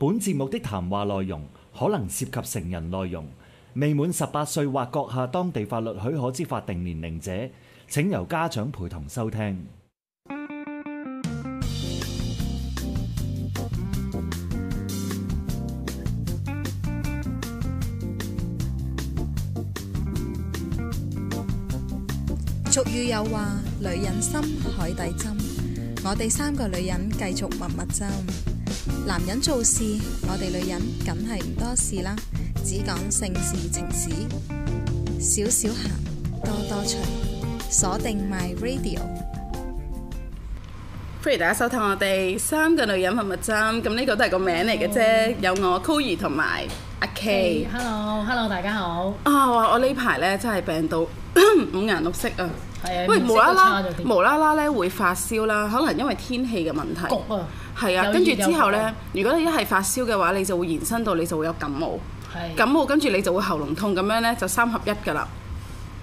本節目的談話內容可能涉及成人內容，未滿十八歲或閣下當地法律許可之法定年齡者，請由家長陪同收聽。俗語有話：女人心，海底針。我哋三個女人繼續蜜蜜針。男人做事，我哋女人梗係唔多事啦，只講性事情事，少少鹹，多多趣，鎖定 My Radio。歡迎大家收睇我哋三個女人蜜蜜針，咁呢個都係個名嚟嘅啫。Oh. 有我溝兒同埋阿 K、e。Hello，Hello，hello，大家好。啊、oh，我呢排咧真係病到 五顏六色啊。係啊的。喂因為，無啦啦，無啦啦咧會發燒啦，可能因為天氣嘅問題。焗啊！係啊，跟住之後呢，如果你一係發燒嘅話，你就會延伸到你就會有感冒，啊、感冒跟住你就會喉嚨痛，咁樣呢就三合一㗎啦。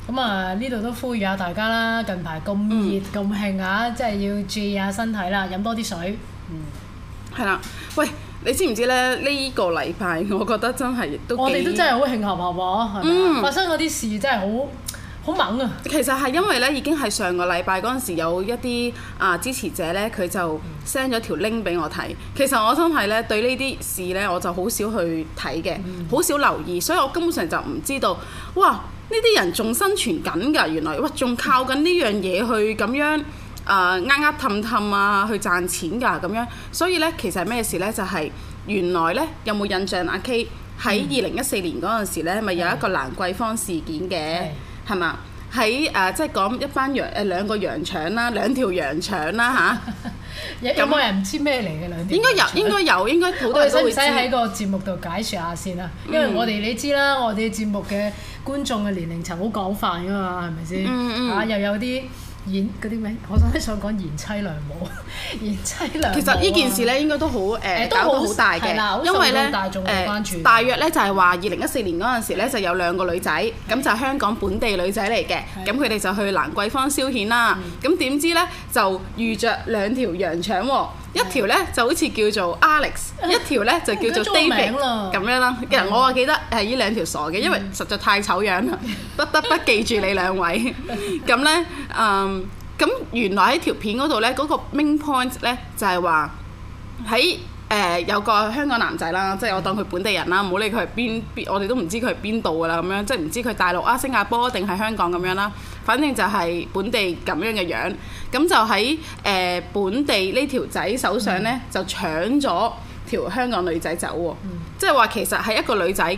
咁啊，呢度都呼籲下大家啦。近排咁熱咁興、嗯、啊，即係要注意下身體啦，飲多啲水。嗯，係啦、啊。喂，你知唔知呢？呢、呢個禮拜我覺得真係都我哋都真係好慶幸下喎，嗯，發生嗰啲事真係好。好猛啊！其實係因為咧，已經係上個禮拜嗰陣時，有一啲啊、呃、支持者咧，佢就 send 咗條 link 俾我睇。其實我真係咧對呢啲事咧，我就好少去睇嘅，好少留意，所以我根本上就唔知道。哇！呢啲人仲生存緊㗎，原來哇，仲靠緊呢樣嘢去咁樣啊呃呃氹氹啊去賺錢㗎咁樣。所以咧，其實係咩事咧？就係、是、原來咧，有冇印象、啊？阿 K 喺二零一四年嗰陣時咧，咪、嗯、的有一個蘭桂坊事件嘅。係嘛？喺誒，即係講一班羊誒，兩個羊腸啦， 兩條羊腸啦吓？有冇人唔知咩嚟嘅兩條羊。應該有，應該有，應該好多人都唔使喺個節目度解説下先啦。因為我哋你知啦，我哋節目嘅觀眾嘅年齡層好廣泛㗎嘛，係咪先？嗯嗯。 啊，又有啲。演嗰啲咩？我真係想講賢妻良母，賢妻良母。 良母啊、其實呢件事咧，應該都好誒，呃欸、搞到好大嘅，欸、因為呢，誒、呃，大約呢就係話二零一四年嗰陣時咧，就有兩個女仔，咁的就香港本地女仔嚟嘅，咁佢哋就去蘭桂坊消遣啦，咁點的知呢，就遇着兩條洋腸喎、哦。一條咧就好似叫做 Alex，一條咧就叫做 David 咁 樣啦。其實我啊記得係呢兩條傻嘅，因為實在太醜樣啦， 不得不記住你兩位。咁咧， 嗯，咁原來喺條片嗰度咧，嗰個 main point 咧就係話，係。誒有個香港男仔啦，即係我當佢本地人啦，唔好理佢係邊邊，我哋都唔知佢係邊度噶啦咁樣，即係唔知佢大陸啊、新加坡定係香港咁樣啦。反正就係本地咁樣嘅樣，咁就喺誒本地呢條仔手上咧，就搶咗條香港女仔走喎。即係話其實係一個女仔，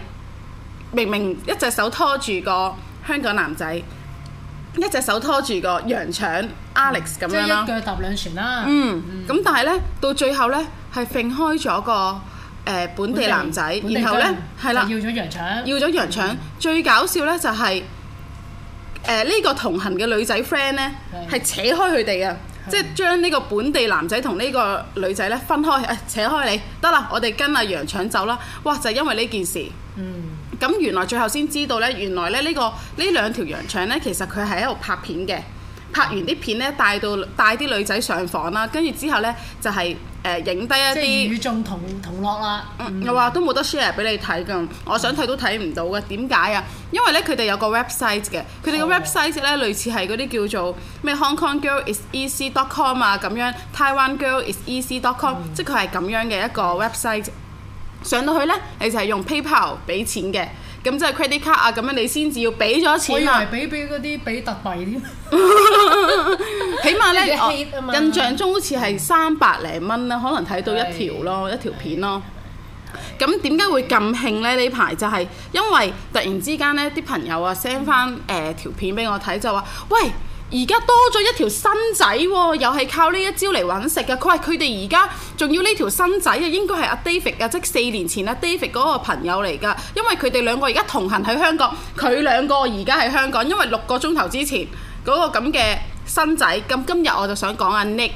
明明一隻手拖住個香港男仔，一隻手拖住個洋腸 Alex 咁樣咯。即係一腳踏兩船啦。嗯。咁但係咧，到最後咧。係揈開咗個誒本地男仔，地然後呢，係啦，要咗羊腸，要咗羊腸。嗯、最搞笑呢就係誒呢個同行嘅女仔 friend 呢係是扯開佢哋啊，即係將呢個本地男仔同呢個女仔呢分開，誒、啊、扯開你得啦，我哋跟阿羊腸走啦。哇！就係、是、因為呢件事，咁、嗯、原來最後先知道呢，原來咧、這、呢個呢兩條羊腸呢，其實佢係喺度拍片嘅，拍完啲片呢，帶到帶啲女仔上房啦，跟住之後呢，就係、是。就是就是誒影低一啲，即係與眾同同樂啦、啊。又我話都冇得 share 俾你睇㗎，嗯、我想睇都睇唔到嘅。點解啊？因為咧佢哋有個 website 嘅，佢哋個 website 咧類似係嗰啲叫做咩 Hong Kong Girl Is EC dot com 啊咁樣，Taiwan Girl Is EC dot com，嗯、即係佢係咁樣嘅一個 website。上到去咧，你就係、是、用 PayPal 俾錢嘅。咁即係 credit card 啊，咁樣你先至要俾咗錢。俾埋俾俾嗰啲比特幣添。 起碼咧呢，印、啊、象中好似係三百零蚊啦，的可能睇到一條咯，的一條片咯。咁點解會咁興咧？呢排的就係因為突然之間咧，啲的朋友啊 send 翻誒條片俾我睇，就話喂。而家多咗一條新仔喎，又係靠呢一招嚟揾食㗎。佢話佢哋而家仲要呢條新仔啊，應該係阿 David 啊，即四年前阿 David 嗰個朋友嚟㗎。因為佢哋兩個而家同行喺香港，佢兩個而家喺香港，因為六個鐘頭之前嗰、那個咁嘅新仔。咁今日我就想講阿 Nick、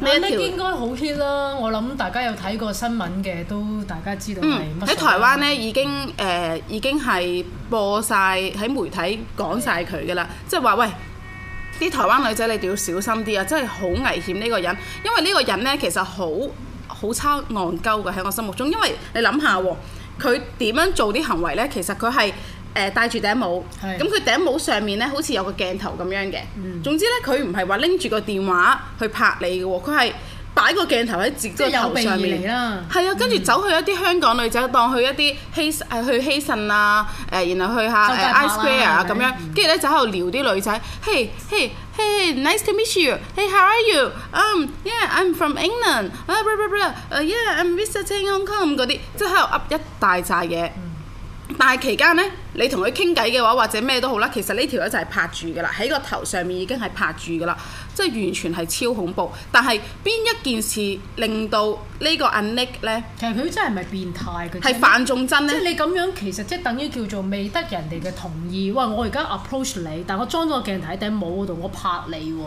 嗯。阿 Nick 應該好 hit 啦，我諗大家有睇過新聞嘅都大家知道係乜。喺台灣呢，已經誒、呃、已經係播晒，喺媒體講晒佢㗎啦，即係話喂。啲台灣女仔你哋要小心啲啊！真係好危險呢個人，因為呢個人呢其實好好抄戇鳩嘅喺我心目中。因為你諗下喎，佢點樣做啲行為呢？其實佢係戴住頂帽，咁佢頂帽上面呢好似有個鏡頭咁樣嘅。嗯、總之呢，佢唔係話拎住個電話去拍你嘅喎，佢係。擺個鏡頭喺自己個頭上面嚟啦，係啊，跟住走去一啲香港女仔，當去一啲希誒去希慎啊，誒，然後去下 iSquare 啊咁樣乖，跟住咧就喺度聊啲女仔、嗯、Hey Hey Hey Nice to meet you，Hey How are you？Um Yeah I'm from England。啊 Blah blah blah Yeah I'm visiting Hong Kong 嗰啲，即係喺度 Up 一大扎嘢。嗯、但係期間呢，你同佢傾偈嘅話，或者咩都好啦，其實呢條咧就係拍住噶啦，喺個頭上面已經係拍住噶啦。即係完全係超恐怖，但係邊一件事令到呢個 under 咧？其實佢真係咪變態？佢係範仲真咧？即係你咁樣，其實即係等於叫做未得人哋嘅同意。喂，我而家 approach 你，但我裝咗個鏡頭喺頂帽度，我拍你喎。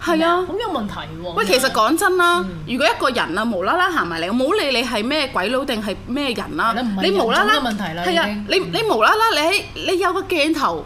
係啊，咁有問題喎。喂，其實講真啦，如果一個人啊無啦啦行埋嚟，我冇理你係咩鬼佬定係咩人啦，你無啦啦問題啦，係啊，你你無啦啦你你有個鏡頭，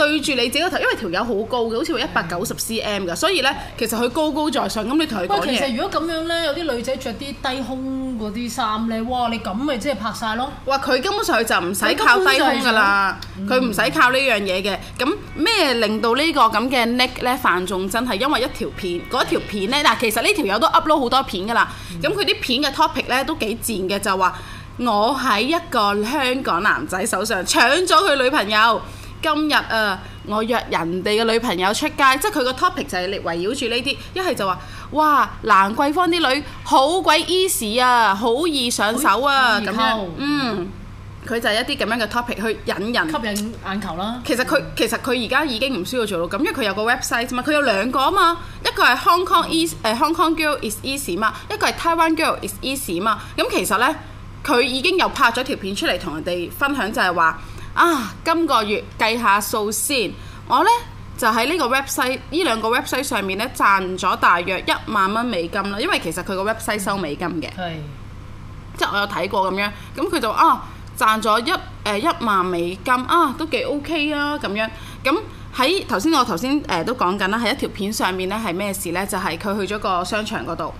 對住你自己個頭，因為條友好高嘅，好似話一百九十 cm 嘅，所以呢，其實佢高高在上。咁你同佢講嘢。其實如果咁樣呢，有啲女仔着啲低胸嗰啲衫呢，哇！你咁咪即係拍晒咯。哇！佢根本上就唔使靠低胸噶啦，佢唔使靠呢樣嘢嘅。咁、嗯、咩、嗯、令到呢、呢個咁嘅、呢個、Nick 呢？犯眾真係因為一條片，嗰條片呢？嗱，其實呢條友都 upload 好多片噶啦。咁佢啲片嘅 topic 呢，都幾賤嘅，就話我喺一個香港男仔手上搶咗佢女朋友。今日啊，我約人哋嘅女朋友出街，即係佢個 topic 就係嚟圍繞住呢啲，一係就話哇，蘭桂坊啲女好鬼 easy 啊，好易上手啊，咁樣，嗯，佢就係一啲咁樣嘅 topic 去引人吸引眼球啦。其實佢其實佢而家已經唔需要做到咁，因為佢有個 website 嘛，佢有兩個啊嘛，一個係 Hong Kong is 誒、uh, Hong Kong girl is easy 嘛，一個係 Taiwan girl is easy 嘛、嗯。咁其實呢，佢已經又拍咗條片出嚟同人哋分享就，就係話。啊！今個月計下數先，我呢，就喺呢個 website 呢兩個 website 上面呢，賺咗大約一萬蚊美金啦。因為其實佢個 website 收美金嘅，嗯、即係我有睇過咁樣。咁佢就啊賺咗一誒一萬美金啊，都幾 OK 啊咁樣。咁喺頭先我頭先誒都講緊啦，喺一條片上面呢，係咩事呢？就係、是、佢去咗個商場嗰度。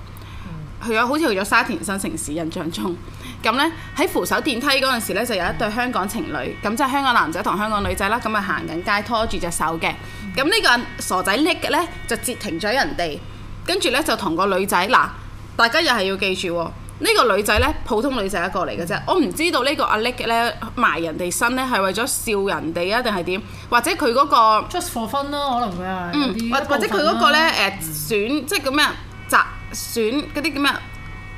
係啊，好似去咗沙田新城市印象中。咁呢，喺扶手電梯嗰陣時咧，就有一對香港情侶，咁、嗯、即係香港男仔同香港女仔啦。咁啊行緊街拖住隻手嘅。咁呢、嗯、個傻仔 Nick 嘅呢，就截停咗人哋，跟住呢，就同個女仔嗱，大家又係要記住，呢、呢個女仔呢，普通女仔一個嚟嘅啫。我唔知道呢個阿 Nick 嘅呢，埋人哋身呢，係為咗笑人哋啊，定係點？或者佢嗰、那個 t r a 分咯，fun, 可能會係、嗯啊、或者佢嗰、嗰個咧誒、呃、選即係叫咩？嗯選嗰啲叫咩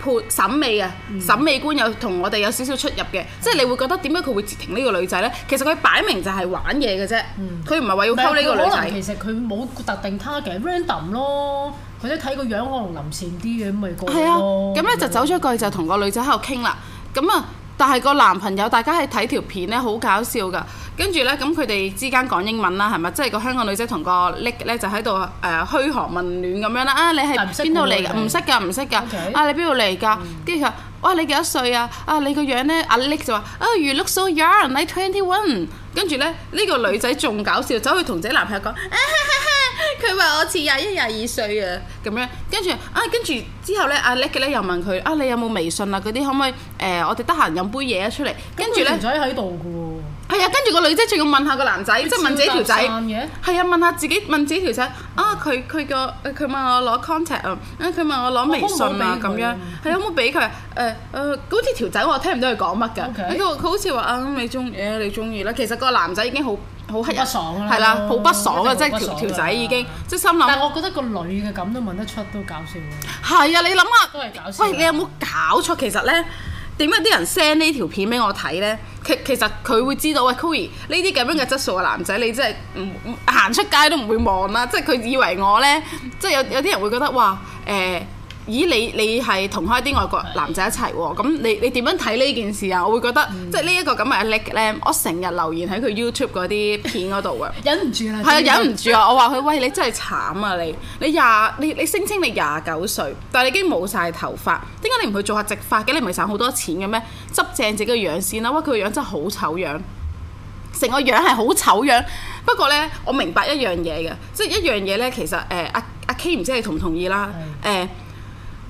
判審美啊，審美觀、嗯、有同我哋有少少出入嘅，嗯、即係你會覺得點解佢會截停呢個女仔咧？其實佢擺明就係玩嘢嘅啫，佢唔係話要溝呢個女仔。其實佢冇特定她，其實 random 咯，或者睇個樣可能臨時啲嘅，咁咪過咯。係啊，咁咧、嗯、就走咗過去，就同個女仔喺度傾啦，咁啊。但係個男朋友，大家係睇條片咧，好搞笑噶。跟住咧，咁佢哋之間講英文啦，係咪？即係個香港女仔同個 Nick 咧，就喺度誒虛寒問暖咁樣啦。啊，你係邊度嚟？唔識㗎，唔識㗎。Okay? 啊，你邊度嚟㗎？跟住佢話，哇，你幾多歲啊？啊，你個樣咧，阿 Nick 就話，啊、oh，you look so young, like twenty one。跟住咧，呢、呢個女仔仲搞笑，走去同自己男朋友講。 佢話我似廿一廿二歲啊，咁樣跟住啊，跟住之後咧，阿 Nick 咧又問佢啊，你有冇微信啊？啲可唔可以誒、呃，我哋得閒飲杯嘢啊？出嚟。跟住咧，唔使喺度係啊，跟住個女仔仲要問下個男仔，即係問自己條仔。係啊，問下自己，問自己條仔。啊，佢佢個佢問我攞 contact 啊，佢問我攞微信啊，咁樣係有冇俾佢？誒誒，嗰啲條仔我聽唔到佢講乜㗎。佢好似話啊，你中意？你中意啦。其實個男仔已經好好黑，係啦，好不爽㗎，即係條條仔已經即係心諗。但係我覺得個女嘅咁都問得出，都搞笑。係啊，你諗下，都係搞笑，喂，你有冇搞錯？其實咧，點解啲人 send 呢條片俾我睇咧？其其實佢會知道啊 Kohi 呢啲咁樣嘅質素嘅男仔， 你真係唔行出街都唔會望啦、啊。即係佢以為我咧，即係 有有啲人會覺得哇，誒、欸。咦，你你係同開啲外國男仔一齊喎？咁你你點樣睇呢件事啊？我會覺得、嗯、即係呢一個咁嘅阿叻咧，我成日留言喺佢 YouTube 嗰啲片嗰度啊，忍唔住，住啦，係啊，忍唔住啊！我話佢：喂，你真係慘啊！笑聲你你廿你你聲稱你廿九歲，但係你已經冇晒頭髮，點解你唔去做下植髮嘅？你唔係賺好多錢嘅咩？執正自己嘅樣先啦！喂，佢個樣真係好醜樣，成個樣係好醜樣。不過咧，我明白一樣嘢嘅，即係一樣嘢咧，其實誒阿阿 K 唔知你同唔同意啦，誒。音 Krank 菜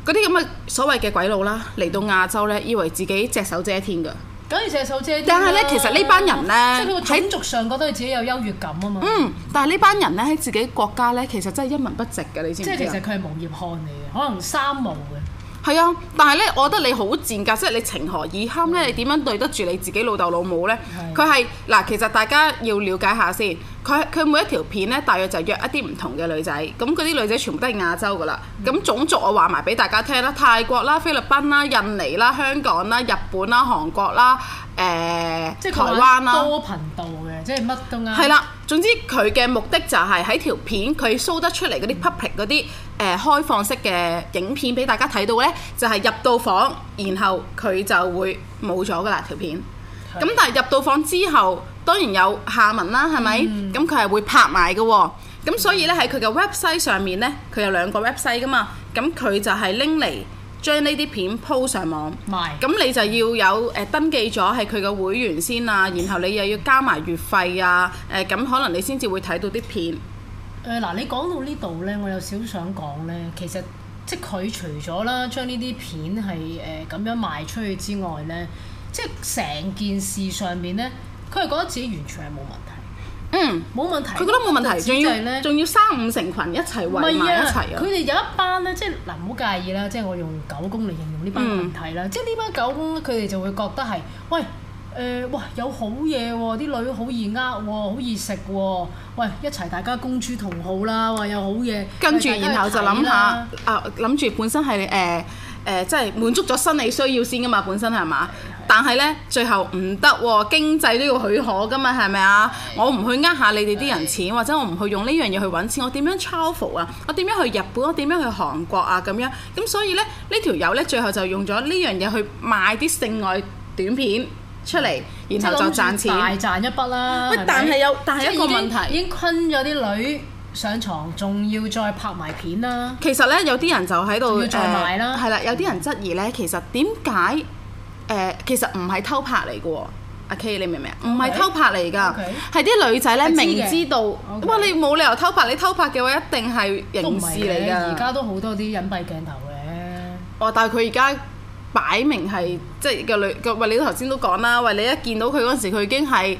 嗰啲咁嘅所謂嘅鬼佬啦，嚟到亞洲咧，以為自己隻手遮天噶。梗係隻手遮天，天，但係咧，其實呢班人咧，即係種族上覺得佢自己有優越感啊嘛。嗯，但係呢班人咧，喺自己國家咧，其實真係一文不值嘅，你知唔知？即係其實佢係無業漢嚟嘅，可能三毛嘅。係啊，但係咧，我覺得你好賤格，即係你情何以堪咧？Okay. 你點樣對得住你自己老豆老母呢？佢係嗱，其實大家要了解下先，佢佢每一條片呢，大約就約一啲唔同嘅女仔，咁嗰啲女仔全部都係亞洲噶啦，咁、mm hmm. 種族我話埋俾大家聽啦，泰國啦、菲律賓啦、印尼啦、香港啦、日本啦、韓國啦，誒、呃呃、台灣啦。多頻道嘅。即係乜都啦，總之佢嘅目的就係喺條片佢 show 得出嚟啲 public 啲誒、嗯呃、開放式嘅影片俾大家睇到咧，就係、是、入到房，然後佢就會冇咗噶啦條片。咁的但係入到房之後，當然有下文啦，係咪？咁佢係會拍埋嘅，咁所以咧，喺佢嘅、嗯、website 上面咧，佢有兩個 website 噶嘛。咁佢就係拎嚟，將呢啲片鋪上網，咁賣你就要有誒、呃、登記咗係佢嘅會員先啊，然後你又要交埋月費啊，誒、呃、咁可能你先至會睇到啲片。誒嗱、呃，你講到呢度呢，我有少少想講呢。其實即佢除咗啦將呢啲片係誒咁樣賣出去之外呢，即係成件事上面呢，佢係覺得自己完全係冇問題。嗯，冇問題。佢覺得冇問題，仲要咧，仲要三五成群一齊圍埋一齊啊！佢哋有一班咧，即係嗱，唔好介意啦，即係我用狗公嚟形容呢班問題啦。嗯、即係呢班狗公咧，佢哋就會覺得係，喂，誒、呃，哇，有好嘢喎、哦，啲女好易呃喎、哦，好易食喎、哦，喂，一齊大家公諸同好啦，話有好嘢，跟住著然後就諗下，啊，諗住本身係誒。呃誒、呃，即係滿足咗生理需要先噶嘛，本身係嘛？ 但係呢，最後唔得喎，經濟都要許可噶嘛，係咪啊？ 我唔去呃下你哋啲人錢，或者我唔去用呢樣嘢去揾錢，我點樣抄浮啊？我點樣去日本？我點樣去韓國啊？咁樣咁，所以呢，呢條友呢，最後就用咗呢樣嘢去賣啲性愛短片出嚟，然後就賺錢，大賺一筆啦。喂，吧但係有，但係有一個問題，已經昆咗啲女。上床仲要再拍埋片啦、啊呃！其實咧，有啲人就喺度，仲要再賣啦。係啦，有啲人質疑咧，其實點解？誒，其實唔係偷拍嚟嘅喎，阿 K，嗯啊、你明唔明啊？唔係偷拍嚟㗎，係啲女仔咧明知道。哇 okay！你冇理由偷拍，你偷拍嘅話一定係凝視嚟㗎。而家都好多啲隱蔽鏡頭嘅。哦，但係佢而家擺明係即係個女個，喂你頭先都講啦，喂，你一見到佢嗰時，佢已經係。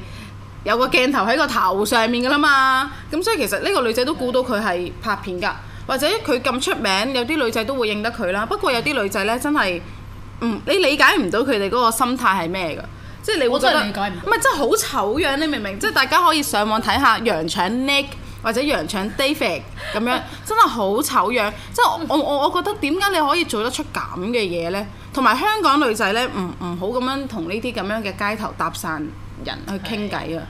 有個鏡頭喺個頭上面噶啦嘛，咁所以其實呢個女仔都估到佢係拍片㗎，或者佢咁出名，有啲女仔都會認得佢啦。不過有啲女仔呢，真係、嗯，你理解唔到佢哋嗰個心態係咩嘅，即係你會覺得我真係理解唔。唔係真係好醜樣，你明唔明？即係 大家可以上網睇下洋腸 Nick 或者洋腸 David 咁樣，真係好醜樣。即係 我我我覺得點解你可以做得出咁嘅嘢呢？同埋香港女仔呢，唔唔好咁樣同呢啲咁樣嘅街頭搭訕。人去傾偈啊，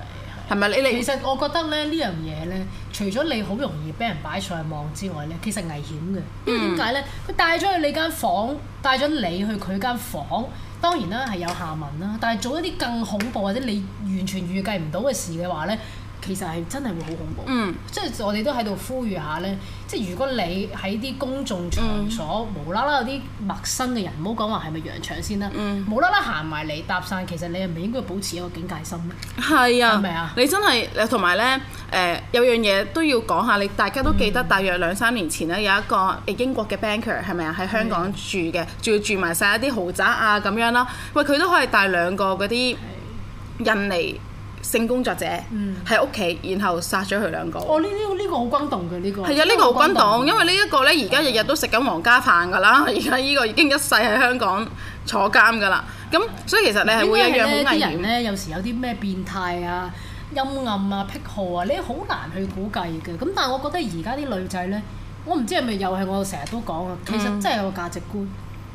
係咪你你？其實我覺得咧，這個、呢樣嘢咧，除咗你好容易俾人擺上去望之外咧，其實危險嘅，因為點解咧？佢、嗯、帶咗去你間房，帶咗你去佢間房，當然啦係有下文啦。但係做一啲更恐怖或者你完全預計唔到嘅事嘅話咧。其實係真係會好恐怖、嗯即，即係我哋都喺度呼籲下呢。即係如果你喺啲公眾場所、嗯、無啦啦有啲陌生嘅人，唔好講話係咪洋腸先啦，嗯、無啦啦行埋你搭訕，其實你係咪應該保持一個警戒心咧？係啊，係啊？你真係，同埋呢，誒、呃、有樣嘢都要講下，你大家都記得，大約兩三年前呢，嗯、有一個英國嘅 banker 係咪啊，喺香港住嘅，仲要、啊、住埋晒一啲豪宅啊咁樣啦，喂，佢都可以帶兩個嗰啲印尼。性工作者喺屋企，然後殺咗佢兩個。哦，呢啲呢個好、呢個、轟動嘅呢、呢個。係啊，呢、呢個好轟動，因為呢一個咧，而家日日都食緊皇家飯噶啦。而家呢個已經一世喺香港坐監噶啦。咁 Okay. 所以其實你係會一樣好危險。啲人咧，有時有啲咩變態啊、陰暗啊、癖好啊，你好難去估計嘅。咁但係我覺得而家啲女仔咧，我唔知係咪又係我成日都講啊，其實真係有個價值觀，嗯、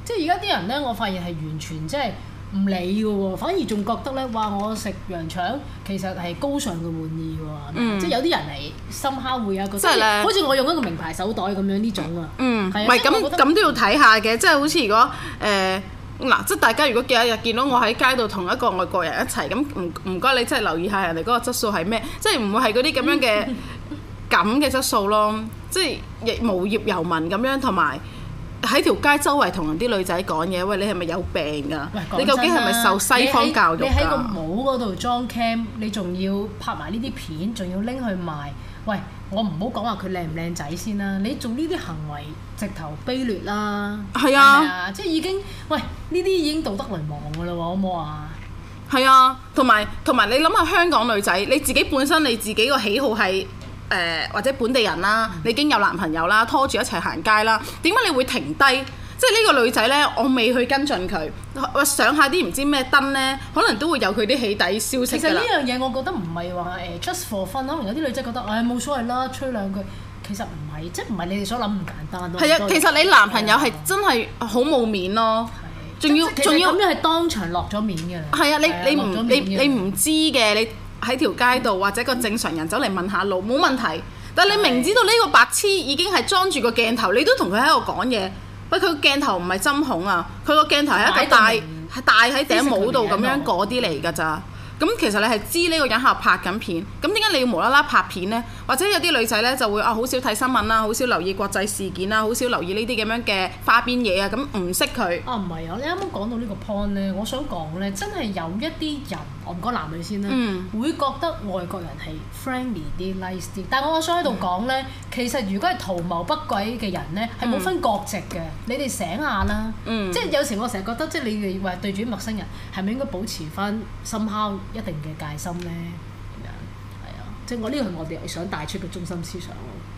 即係而家啲人咧，我發現係完全即係。唔理嘅喎，反而仲覺得呢，哇！我食羊腸其實係高尚嘅玩意喎，嗯、即係有啲人嚟深烤會啊，嗰啲好似我用一個名牌手袋咁樣呢種啊。嗯，唔係咁咁都要睇下嘅、呃，即係好似如果誒嗱，即係大家如果有一日見到我喺街度同一個外國人一齊咁，唔唔該你真係留意下人哋嗰個質素係咩，即係唔會係嗰啲咁樣嘅咁嘅質素咯，即係亦無業遊民咁樣同埋。喺條街周圍同啲女仔講嘢，喂，你係咪有病㗎啊？喂啊，你究竟係咪受西方教育㗎啊？你喺個帽嗰度裝 cam，你仲要拍埋呢啲片，仲要拎去賣？喂，我唔好講話佢靚唔靚仔先啦，你做呢啲行為直頭卑劣啦。係啊，係咪即係已經，喂，呢啲已經道德淪亡㗎啦喎，好唔好啊？係啊，同埋同埋，你諗下香港女仔，你自己本身你自己個喜好係。誒、呃、或者本地人啦，嗯、你已經有男朋友啦，拖住一齊行街啦，點解你會停低？即係呢個女仔呢，我未去跟進佢，我想下啲唔知咩燈呢，可能都會有佢啲起底消息啦。其實呢樣嘢我覺得唔係話誒 just for fun 咯，有啲女仔覺得唉、哎、冇所謂啦，吹兩句，其實唔係，即係唔係你哋所諗咁簡單咯。係啊，其實你男朋友係真係好冇面咯，仲、啊、要仲、啊、要咁樣係當場落咗面嘅。係啊，落咗面啦，啊，落咗面啦。你你唔你你唔知嘅你。喺條街度或者個正常人走嚟問下路冇問題，但係你明知道呢個白痴已經係裝住個鏡頭，你都同佢喺度講嘢。喂，佢個鏡頭唔係針孔啊，佢個鏡頭係一個戴，係戴喺頂帽度咁樣嗰啲嚟㗎咋。咁其實你係知呢個人客拍緊片，咁點解你要無啦啦拍片呢？或者有啲女仔呢就會啊，好少睇新聞啦，好少留意國際事件啦，好少留意呢啲咁樣嘅花邊嘢啊，咁唔識佢。啊唔係啊，你啱啱講到呢個 point 呢，我想講呢，真係有一啲人，我唔講男女先啦、啊，嗯、會覺得外國人係 friendly 啲、nice 啲。但係我我想喺度講呢，嗯、其實如果係圖謀不軌嘅人呢，係冇分國籍嘅。嗯、你哋醒下啦，嗯、即係有時我成日覺得，即係你哋話對住陌生人，係咪應該保持翻心一定嘅戒心呢，咁啊，即係我呢個係我哋想帶出嘅中心思想咯。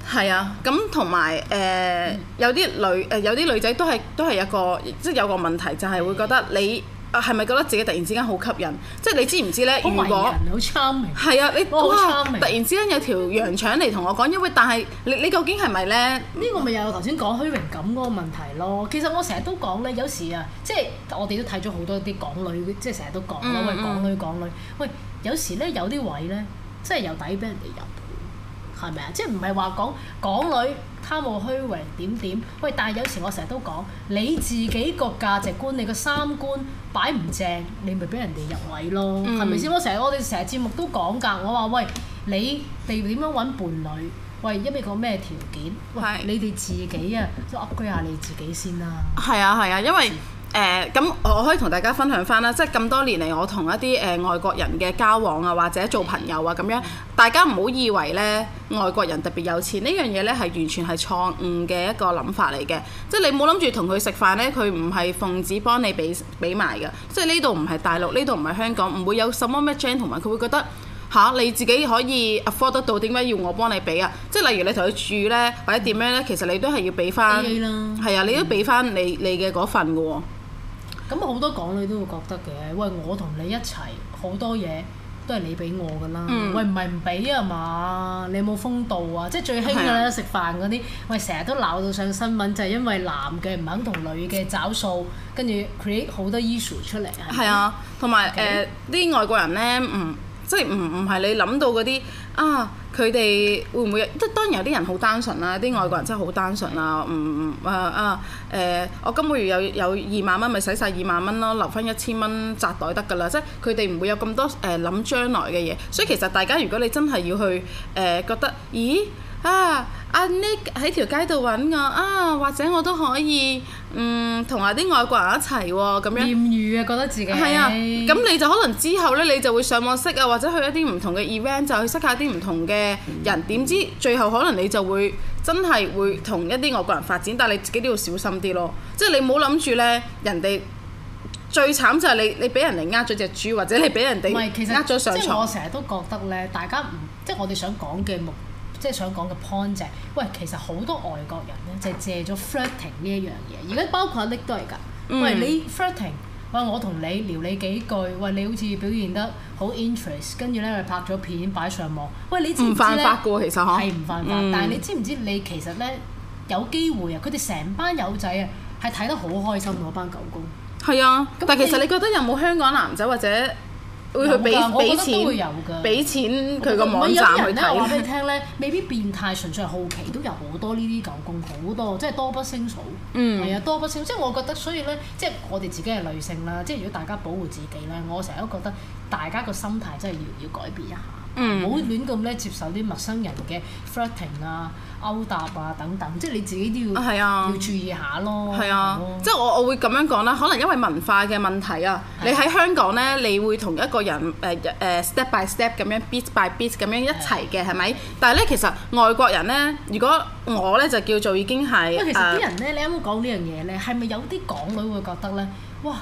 係、呃、啊，咁同埋誒，有啲女誒，有啲女仔都係，都係一個，即係有個問題，就係會覺得你。啊，係咪覺得自己突然之間好吸引？即係你知唔知咧？如果係啊，你哇，突然之間有條洋腸嚟同我講，因為但係你你究竟係咪咧？呢個咪又頭先講虛榮感嗰個問題咯。其實我成日都講咧，有時啊，即係我哋都睇咗好多啲港女，即係成日都講咯，喂，港女，港女，喂，有時咧，有啲位咧，即係又抵俾人哋入。係咪啊？即係唔係話講港女貪慕虛榮點點？喂！但係有時我成日都講，你自己個價值觀、你個三觀擺唔正，你咪俾人哋入位咯，係咪先？我成日我哋成日節目都講㗎，我話喂，你哋點樣揾伴侶？喂，一味講咩條件？是 喂，你哋自己啊，都 upgrade 下你自己先啦。係啊係啊，因為。誒咁，呃、我可以同大家分享翻啦，即係咁多年嚟，我同一啲誒外國人嘅交往啊，或者做朋友啊咁樣，大家唔好以為呢外國人特別有錢呢樣嘢呢，係完全係錯誤嘅一個諗法嚟嘅。即係你冇諗住同佢食飯呢，佢唔係奉旨幫你俾俾埋㗎。即係呢度唔係大陸，呢度唔係香港，唔會有什麼咩 gentleman 同埋，佢會覺得吓，你自己可以 afford 得到，點解要我幫你俾啊？即係例如你同佢住呢，或者點樣呢？嗯、其實你都係要俾翻，係啊、嗯，你都俾翻你你嘅嗰份㗎喎。嗯嗯。咁好多港女都會覺得嘅，喂我同你一齊好多嘢都係你俾我㗎啦，嗯、喂唔係唔俾啊嘛，你有冇風度啊？即係最興嘅咧食飯嗰啲，喂成日都鬧到上新聞，就係、是、因為男嘅唔肯同女嘅找數，跟住 create 好多 issue 出嚟。係啊，同埋誒啲外國人咧，嗯。即係唔唔係你諗到嗰啲啊，佢哋會唔會即係當然有啲人好單純啦，啲外國人真係好單純啦，唔、嗯、啊啊誒、呃，我今個月有有二萬蚊，咪使晒，二萬蚊咯，留返一千蚊扎袋得㗎啦，即係佢哋唔會有咁多誒諗、呃、將來嘅嘢，所以其實大家如果你真係要去誒、呃、覺得，咦？啊！阿 Nick 喺條街度揾我啊，或者我都可以嗯同下啲外國人一齊喎，咁樣。艷遇啊，覺得自己係。啊，咁、哎、你就可能之後呢，你就會上網識啊，或者去一啲唔同嘅 event，就去識下啲唔同嘅人。點、嗯、知最後可能你就會真係會同一啲外國人發展，但係你自己都要小心啲咯。即、就、係、是、你唔好諗住呢，人哋最慘就係你你俾人哋呃咗隻豬，嗯、或者你俾人哋呃咗上床。我成日都覺得呢，大家唔即係我哋想講嘅目的。即係想講嘅 point 就，喂，其實好多外國人咧就借咗 flirting 呢一樣嘢，而家包括阿 Nick 都係㗎。嗯、喂，你 flirting，喂，flirting，我同你聊你幾句，喂，你好似表現得好 interest，跟住咧，佢拍咗片擺上網。喂，你知唔知咧？係唔犯，犯法？嗯、但係你知唔知你其實咧有機會啊？佢哋成班友仔啊係睇得好開心嗰班狗公。係啊，你但係其實你覺得有冇香港男仔或者？會去俾俾錢，俾的錢佢個網站去睇。唔係有啲人話俾你聽咧，未必變態，純粹係好奇，都有多好多呢啲狗公，好多即係多不勝數。嗯，係啊，多不勝。即係我覺得，所以咧，即係我哋自己係女性啦，即係如果大家保護自己咧，我成日都覺得大家個心態真係要要改變一下。嗯，唔好亂咁咧接受啲陌生人嘅 flirting 啊、勾搭啊等等，即係你自己都要、啊、要注意下咯。係啊，啊即係我我會咁樣講啦，可能因為文化嘅問題啊，你喺香港咧，你會同一個人誒誒、呃呃、step by step 咁樣，bit by bit 咁樣一齊嘅係咪？但係咧，其實外國人咧，如果我咧就叫做已經係其實啲人咧，你啱啱講呢樣嘢咧，係咪有啲港女會覺得咧？哇！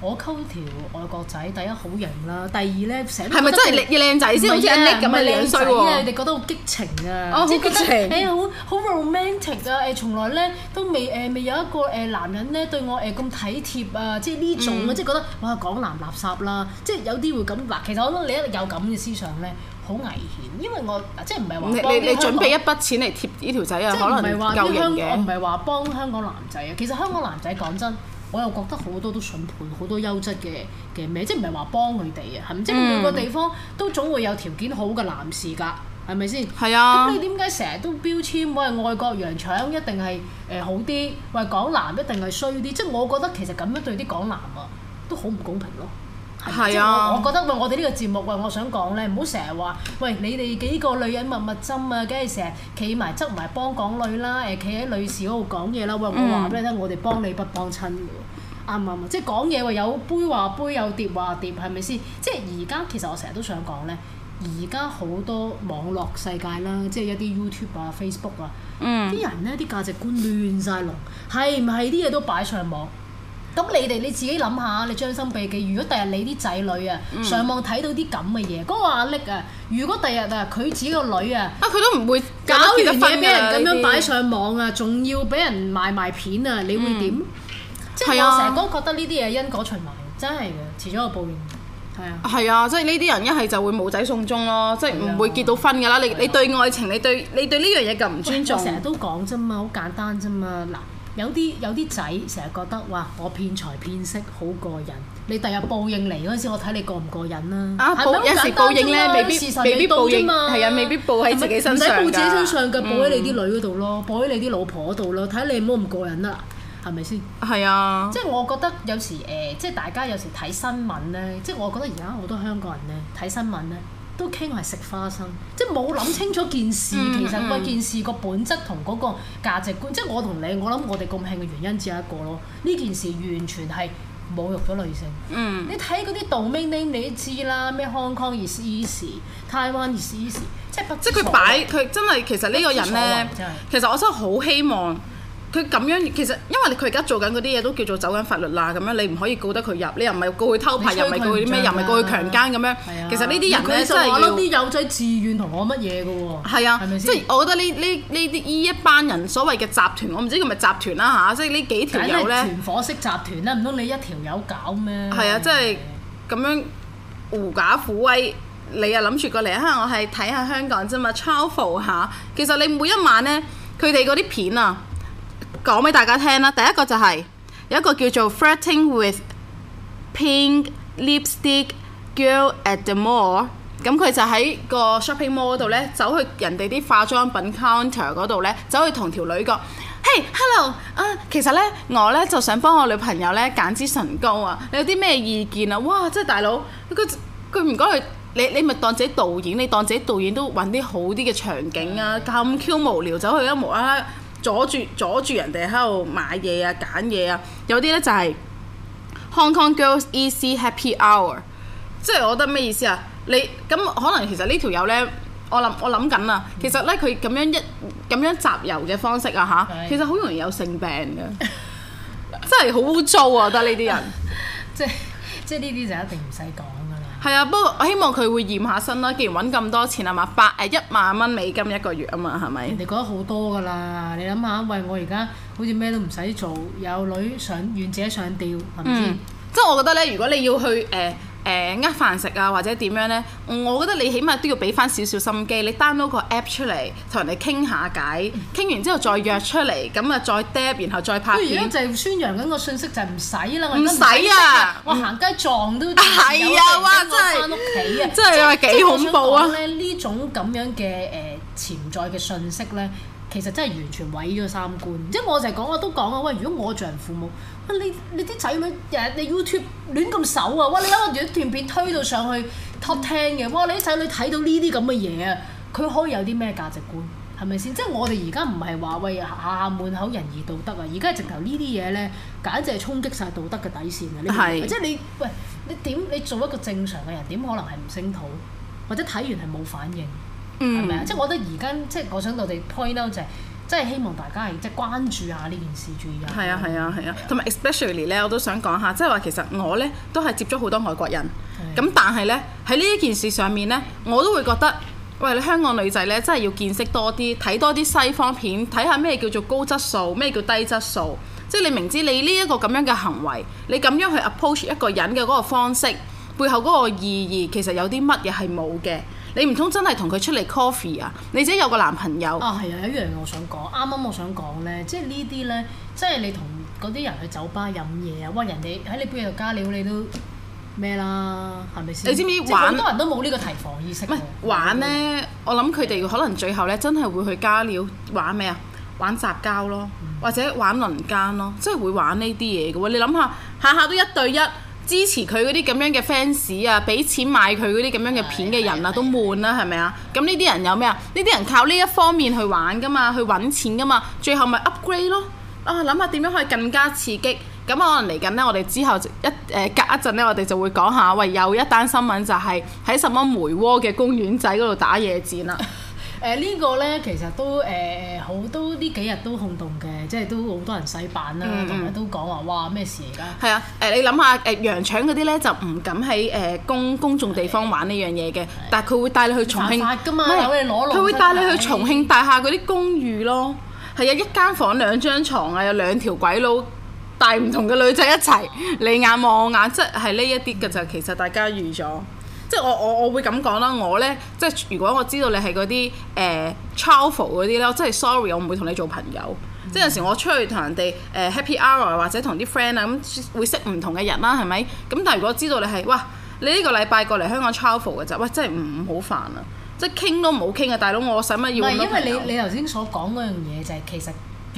我溝條外國仔，第一好型啦，第二咧成日。係咪真係靚仔先？好似阿 Nick 咁嘅靚仔啊。你哋覺得好激情啊！哦，好激情，好好 romantic 啊！誒，從來咧都未誒未有一個誒男人咧對我誒咁體貼啊！即係呢種、嗯、即係覺得哇，港男垃圾啦！即係有啲會咁嗱，其實我覺得你一有咁嘅思想咧，好危險，因為我即係唔係話你準備一筆錢嚟貼呢條仔啊，可能係話幫啲香港唔係話幫香港男仔啊，其實香港男仔講真。我又覺得好多都筍盤，好多優質嘅嘅咩，即係唔係話幫佢哋啊？係唔，即係、嗯、每個地方都總會有條件好嘅男士㗎，係咪先？係是啊。咁你點解成日都標籤話外國洋腸一定係誒好啲，話港男一定係衰啲？即係我覺得其實咁樣對啲港男啊，都好唔公平咯。係啊！我覺得喂，我哋呢個節目喂，我想講咧，唔好成日話，喂你哋幾個女人蜜蜜針啊，梗係成日企埋執埋幫港女啦，誒企喺女士嗰度講嘢啦，喂我話畀你聽，我哋幫你不幫親嘅，啱唔啱啊？即係講嘢話，有杯話杯，有碟話碟，係咪先？即係而家其實我成日都想講咧，而家好多網絡世界啦，即係一啲 YouTube 啊、Facebook 啊、嗯，啲人咧啲價值觀亂晒龍，係唔係啲嘢都擺上網？咁你哋你自己諗下，你將心比己。如果第日你啲仔女啊上網睇到啲咁嘅嘢，嗰個阿叻啊，如果第日啊佢自己個女啊，啊佢都唔會搞完嘢俾人咁樣擺上網啊，仲要俾人賣埋片啊，你會點？即係我成日都覺得呢啲嘢因果循環，真係嘅，遲早有報應。係啊。係啊，即係呢啲人一係就會冇仔送終咯，即係唔會結到婚㗎啦。你你對愛情，你對你對呢樣嘢咁唔尊重。我成日都講啫嘛，好簡單啫嘛。嗱。有啲有啲仔成日覺得哇，我騙財騙色好過癮，你第日報應嚟嗰陣時，我睇你過唔過癮啦？啊，報，是是報應咧，未必未，未必報應嘛？係啊，未必報喺自己身上㗎，唔使報自己身上嘅？報喺你啲女嗰度咯，嗯、報喺你啲老婆嗰度咯，睇你唔好唔過癮啦，係咪先？係啊，即係我覺得有時誒、呃，即係大家有時睇新聞咧，即係我覺得而家好多香港人咧睇新聞咧。都傾係食花生，即係冇諗清楚件事。嗯嗯、其實嗰件事個本質同嗰個價值觀，即係、嗯嗯、我同你，我諗我哋共興嘅原因只有一個咯。呢件事完全係侮辱咗女性。嗯，你睇嗰啲 domain name 你知啦，咩 Hong Kong is easy，台灣 is easy，即係即係佢擺佢真係其實呢個人咧，真其實我真係好希望。佢咁樣其實，因為佢而家做緊嗰啲嘢都叫做走緊法律啦。咁樣你唔可以告得佢入，你又唔係告佢偷拍，又唔係告佢啲咩，又唔係告佢強姦咁樣。啊、其實呢啲人咧真係要。我諗啲友仔自願同我乜嘢嘅喎。係啊，是是即係我覺得呢呢呢啲呢一班人所謂嘅集團，我唔知佢咪集團啦吓、啊，即係呢幾條友呢，團伙式集團啦，唔通你一條友搞咩？係啊，真係咁樣狐假虎威。你又諗住過嚟？可能我係睇下香港啫嘛，抄浮下。其實你每一晚呢，佢哋嗰啲片啊～講俾大家聽啦，第一個就係、是、有一個叫做 fretting with pink lipstick girl at the mall，咁佢、嗯、就喺個 shopping mall 嗰度呢，走去人哋啲化妝品 counter 嗰度呢，走去同條女講：hey hello 啊，hey, hello, uh, 其實呢，我呢就想幫我女朋友呢揀支唇膏啊，你有啲咩意見啊？哇，真係大佬，佢佢唔該去，你你咪當自己導演，你當自己導演都揾啲好啲嘅場景啊，咁 Q 無聊，走去一無啦啦。阻住阻住人哋喺度買嘢啊、揀嘢啊，有啲呢就係 Hong Kong Girls EC Happy Hour，即係我覺得咩意思啊？你咁可能其實呢條友呢，我諗我諗緊啊，其實呢，佢咁樣一咁樣集郵嘅方式啊嚇，其實好容易有性病嘅，是的 真係好污糟啊！我 覺得呢啲人， 即係即係呢啲就一定唔使講。係啊，不過我希望佢會驗下身啦。既然揾咁多錢係嘛，百誒一萬蚊美金一個月啊嘛，係咪？人哋覺得好多㗎啦，你諗下，喂，我而家好似咩都唔使做，有女想願者上釣，係咪先？即係我覺得呢，如果你要去誒。呃誒呃飯食啊，或者點樣呢？我覺得你起碼都要俾翻少少心機，你 download 個 app 出嚟，同人哋傾下偈，傾完之後再約出嚟，咁啊再 d e 然後再拍。而家就宣揚緊個信息就係唔使啦，我唔使啊，我行街撞都係啊！哇，真係翻屋企啊，真係幾恐怖啊！呢種咁樣嘅誒潛在嘅信息呢，其實真係完全毀咗三觀。即係我就係講我都講啊，喂！如果我做人父母。啊！你你啲仔女日日你 YouTube 亂咁搜啊！哇！你攞個段片片推到上去 top ten 嘅哇！你啲仔女睇到呢啲咁嘅嘢啊，佢可以有啲咩價值觀？係咪先？即係我哋、啊、而家唔係話喂下下滿口仁義道德啊！而家直頭呢啲嘢咧，簡直係衝擊晒道德嘅底線、啊、是你係。即係你喂，你點你做一個正常嘅人，點可能係唔聲討或者睇完係冇反應？嗯。係咪啊？即係我覺得而家即係我想我哋 point out 就係、是。即係希望大家係即係關注下呢件事，注意下。係啊，係啊，係啊。同埋 especially 咧，我都想講下，即係話其實我呢都係接觸好多外國人。咁的但係呢，喺呢一件事上面呢，我都會覺得，喂，你香港女仔呢，真係要見識多啲，睇多啲西方片，睇下咩叫做高質素，咩叫低質素。即係你明知你呢一個咁樣嘅行為，你咁樣去 approach 一個人嘅嗰個方式背後嗰個意義，其實有啲乜嘢係冇嘅。你唔通真係同佢出嚟 coffee 啊？你自己有個男朋友。啊，係啊，有一樣嘢我想講，啱啱我想講呢，即係呢啲呢，即係你同嗰啲人去酒吧飲嘢啊，哇！人哋喺你杯度加料，你都咩啦？係咪先？你知唔知？玩？好多人都冇呢個提防意識。唔係玩呢？我諗佢哋可能最後呢，真係會去加料的玩咩啊？玩雜交咯，嗯、或者玩輪姦咯，即係會玩呢啲嘢嘅喎。你諗下，下下都一對一。支持佢嗰啲咁樣嘅 fans 啊，俾錢買佢嗰啲咁樣嘅片嘅人啊，都悶啦，係咪啊？咁呢啲人有咩啊？呢啲人靠呢一方面去玩噶嘛，去揾錢噶嘛，最後咪 upgrade 咯。啊，諗下點樣可以更加刺激？咁、啊、可能嚟緊呢，我哋之後一誒、呃、隔一陣呢，我哋就會講下喂，有一單新聞就係喺什麼梅窩嘅公園仔嗰度打野戰啦。 誒呢個呢，其實都誒好多呢幾日都轟動嘅，即係都好多人洗版啦，同埋都講話哇咩事而家？係啊，誒你諗下誒洋腸嗰啲呢，就唔敢喺誒公公眾地方玩呢樣嘢嘅，但係佢會帶你去重慶，佢會帶你去重慶大廈嗰啲公寓咯，係啊，一間房兩張床，啊，有兩條鬼佬帶唔同嘅女仔一齊，你眼望我眼，即係呢一啲嘅就其實大家預咗。即係我我我會咁講啦，我咧即係如果我知道你係嗰啲誒 travel 嗰啲咧，即、呃、係 sorry，我唔會同你做朋友。嗯、即係有時我出去同人哋誒 happy hour 或者同啲 friend 啊，咁會識唔同嘅人啦，係咪？咁但係如果知道你係，哇！你呢個禮拜過嚟香港 travel 嘅就，哇！真係唔唔好煩啊！即係傾都唔好傾啊，大佬，我使乜要？唔因為你你頭先所講嗰樣嘢就係其實。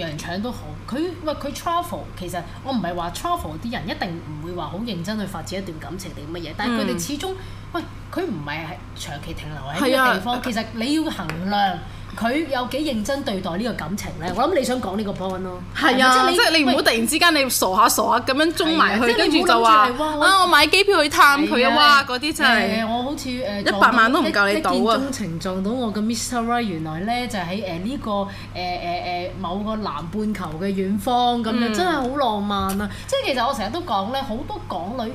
洋腸都好，佢喂佢 travel 其實我唔係話 travel 啲人一定唔會話好認真去發展一段感情定乜嘢，但係佢哋始終、嗯、喂佢唔係長期停留喺呢個地方，是啊、其實你要衡量。佢有幾認真對待呢個感情咧？我諗你想講呢個 bond 咯，係啊，即係你唔好為突然之間你傻下傻下咁樣中埋去。跟住、啊、就話啊，哇啊我買機票去探佢啊，哇嗰啲真係、呃，我好似誒、呃、一百萬都唔夠你賭啊！一見鍾情撞到我嘅 Mr. Ray，right, 原來咧就喺誒呢個誒誒誒某個南半球嘅遠方咁樣，嗯、真係好浪漫啊！即係其實我成日都講咧，好多港女，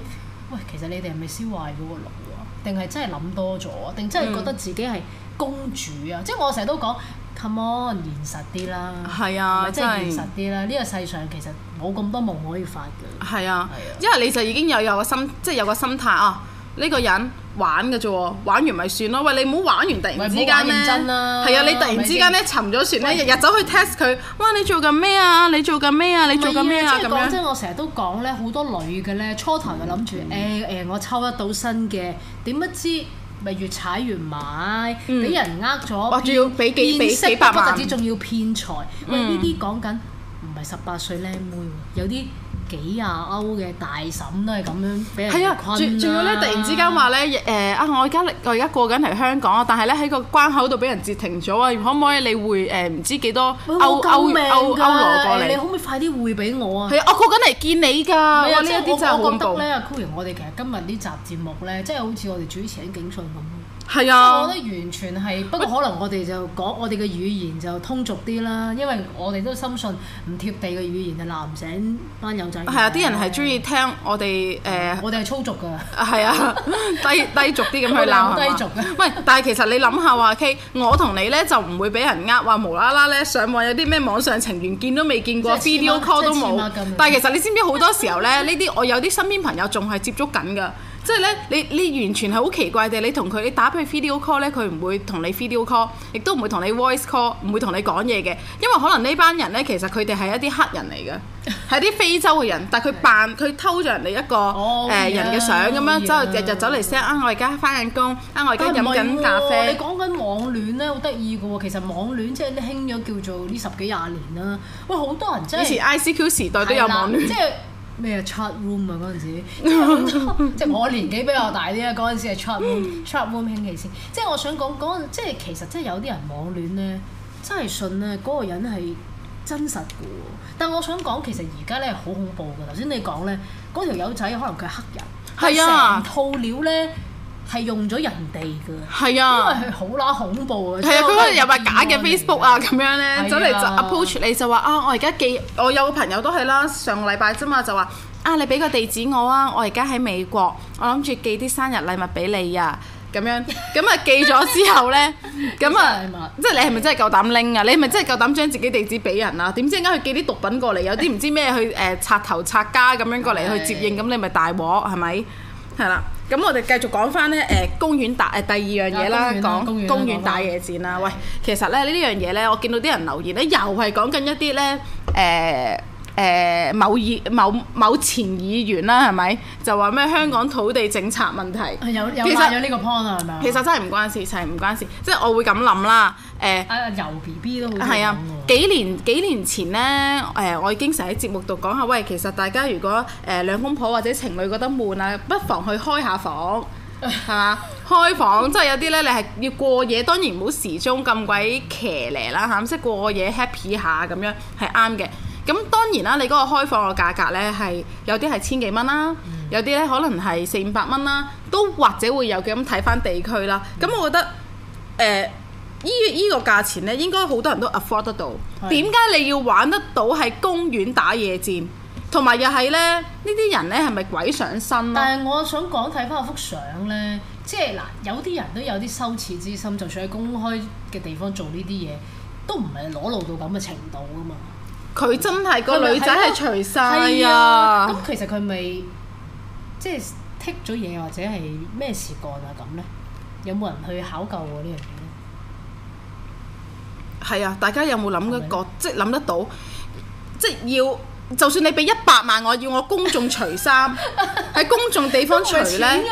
喂，其實你哋係咪燒壞咗個腦啊？定係真係諗多咗啊？定真係覺得自己係？嗯公主啊，即係我成日都講，Come on，現實啲啦，係啊，即係現實啲啦。呢、啊、個世上其實冇咁多夢可以發嘅。係啊，啊因為你就已經有有個心，即係有個心態啊。呢、這個人玩嘅啫喎，玩完咪算咯。喂，你唔好玩完突然之間認真啦？係啊，你突然之間咧沉咗船咧，日日是走去 test 佢。啊、哇！你做緊咩啊？你做緊咩啊？你做緊咩啊？即、啊、這樣。講真，我成日都講咧，好多女嘅咧，初頭就諗住誒誒，我抽得到新嘅，點不知。咪越踩越買，俾、嗯、人呃咗，仲要俾幾俾幾百萬，不特止仲要騙財。嗯、喂，呢啲講緊唔係十八歲靚妹，有啲幾廿歐嘅大嬸都係咁樣俾人係啊！仲仲要咧，突然之間話咧誒啊！我而家我而家過緊嚟香港啊，但係咧喺個關口度俾人截停咗啊！可唔可以你匯誒唔知幾多歐歐歐歐羅過嚟？你可唔可以快啲匯俾我啊？係啊！我過緊嚟見你㗎。我我我覺得咧，阿 K 我哋其實今日呢集節目咧，即係好似我哋主持緊警訊咁。係啊，我覺得完全係，不過可能我哋就講我哋嘅語言就通俗啲啦，因為我哋都深信唔貼地嘅語言就鬧唔醒班友仔。係啊，啲人係中意聽我哋誒，我哋係粗俗噶，係啊，低低俗啲咁去鬧。低俗嘅，喂！但係其實你諗下話 K，我同你咧就唔會俾人呃，話無啦啦咧上網有啲咩網上情緣見都未見過，video call 都冇。但係其實你知唔知好多時候咧，呢啲我有啲身邊朋友仲係接觸緊㗎。即係咧，你你完全係好奇怪嘅，你同佢你打俾佢 video call 咧，佢唔會同你 video call，亦都唔會同你 voice call，唔會同你講嘢嘅，因為可能呢班人咧，其實佢哋係一啲黑人嚟嘅，係啲 非洲嘅人，但係佢扮佢偷咗人哋一個誒、oh, yeah, 人嘅相咁樣，之後日日走嚟 send 啊我而家返緊工，啊我而家、啊、飲緊咖啡。啊、你講緊網戀咧，好得意嘅喎，其實網戀即係興咗叫做呢十幾廿年啦、啊，喂好多人真係。以前 ICQ 時代都有網戀。就是咩 chat room 啊？嗰陣時，因為 即係我年紀比較大啲啊，嗰陣時係 chat room，chat room 興起先。即係我想講嗰陣，即係其實即係有啲人網戀咧，真係信咧嗰個人係真實嘅。但係我想講，其實而家咧好恐怖㗎。頭先你講咧，嗰條友仔可能佢係黑人，係是啊，成套料咧。係用咗人哋㗎，因為佢好乸恐怖啊！係啊，嗰個有話假嘅 Facebook 啊咁樣咧，走嚟就 approach 你就話啊，我而家寄我有個朋友都係啦，上個禮拜啫嘛就話啊，你俾個地址我啊，我而家喺美國，我諗住寄啲生日禮物俾你啊，咁樣咁啊寄咗之後咧，咁啊即係你係咪真係夠膽拎啊？你係咪真係夠膽將自己地址俾人啊？點知點解佢寄啲毒品過嚟，有啲唔知咩去誒拆頭拆家咁樣過嚟去接應，咁你咪大鑊係咪？係啦，咁我哋繼續講翻咧，誒，公園大，誒，第二樣嘢啦，講公園，啊說啊、打野戰啦。啊、喂，的其實咧呢呢樣嘢咧，我見到啲人留言咧，又係講緊一啲咧，誒、呃。誒、呃、某議某某前議員啦，係咪就話咩香港土地政策問題？有其實有有呢個 point，係咪？其實真係唔關事，係唔關事。即係我會咁諗啦。誒阿 B B 都好啊。係啊，幾年幾年前呢，誒、呃、我經常喺節目度講下，喂，其實大家如果誒兩公婆或者情侶覺得悶啊，不妨去開下房，係嘛？ 開房即係、就是、有啲呢，你係要過夜，當然唔好時鐘咁鬼騎呢啦嚇，識過夜 happy 下咁樣係啱嘅。咁當然啦，你嗰個開放個價格呢，係有啲係千幾蚊啦，嗯、有啲呢可能係四五百蚊啦，都或者會有咁睇翻地區啦。咁、嗯、我覺得誒依依個價錢呢，應該好多人都 afford 得到。點解是的 你要玩得到喺公園打野戰，同埋又係呢呢啲人呢係咪鬼上身，啊？但係我想講睇翻嗰幅相呢，即係嗱，有啲人都有啲羞恥之心，就算喺公開嘅地方做呢啲嘢，都唔係裸露到咁嘅程度啊嘛。佢真係個女仔係除晒啊！咁其實佢未即係剔咗嘢，或者係咩事幹啊咁咧？有冇人去考究過呢樣嘢咧？係啊！大家有冇諗得過？係咪即係諗得到，即係要。就算你俾一百萬，我要我公眾除衫喺公眾地方除咧，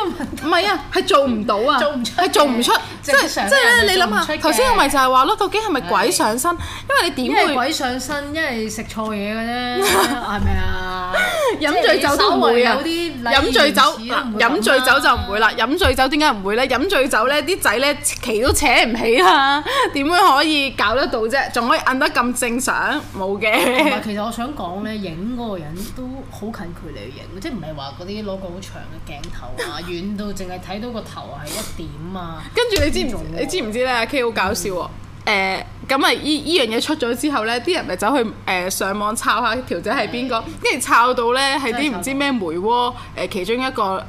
唔係啊，係做唔到啊，做唔出，係做唔出，即係即係咧，你諗下，頭先我咪就係話咯，究竟係咪鬼上身？因為你點會鬼上身？因為食錯嘢嘅啫，係咪啊？飲醉酒都會有啲。飲醉酒，飲、啊、醉酒就唔會啦。飲醉酒點解唔會呢？飲醉酒呢啲仔呢，旗都扯唔起啦。點樣可以搞得到啫？仲可以摁得咁正常？冇嘅。其實我想講呢，影嗰 個人都好近距離影，即係唔係話嗰啲攞個好長嘅鏡頭啊， 遠到淨係睇到個頭係一點啊。 跟住你知唔？ 你知唔知咧？阿 K 好搞笑喎。誒、嗯。呃咁啊！依依樣嘢出咗之後咧，啲人咪走去誒上網抄下條仔係邊個，跟住抄到咧係啲唔知咩梅窩誒其中一個誒誒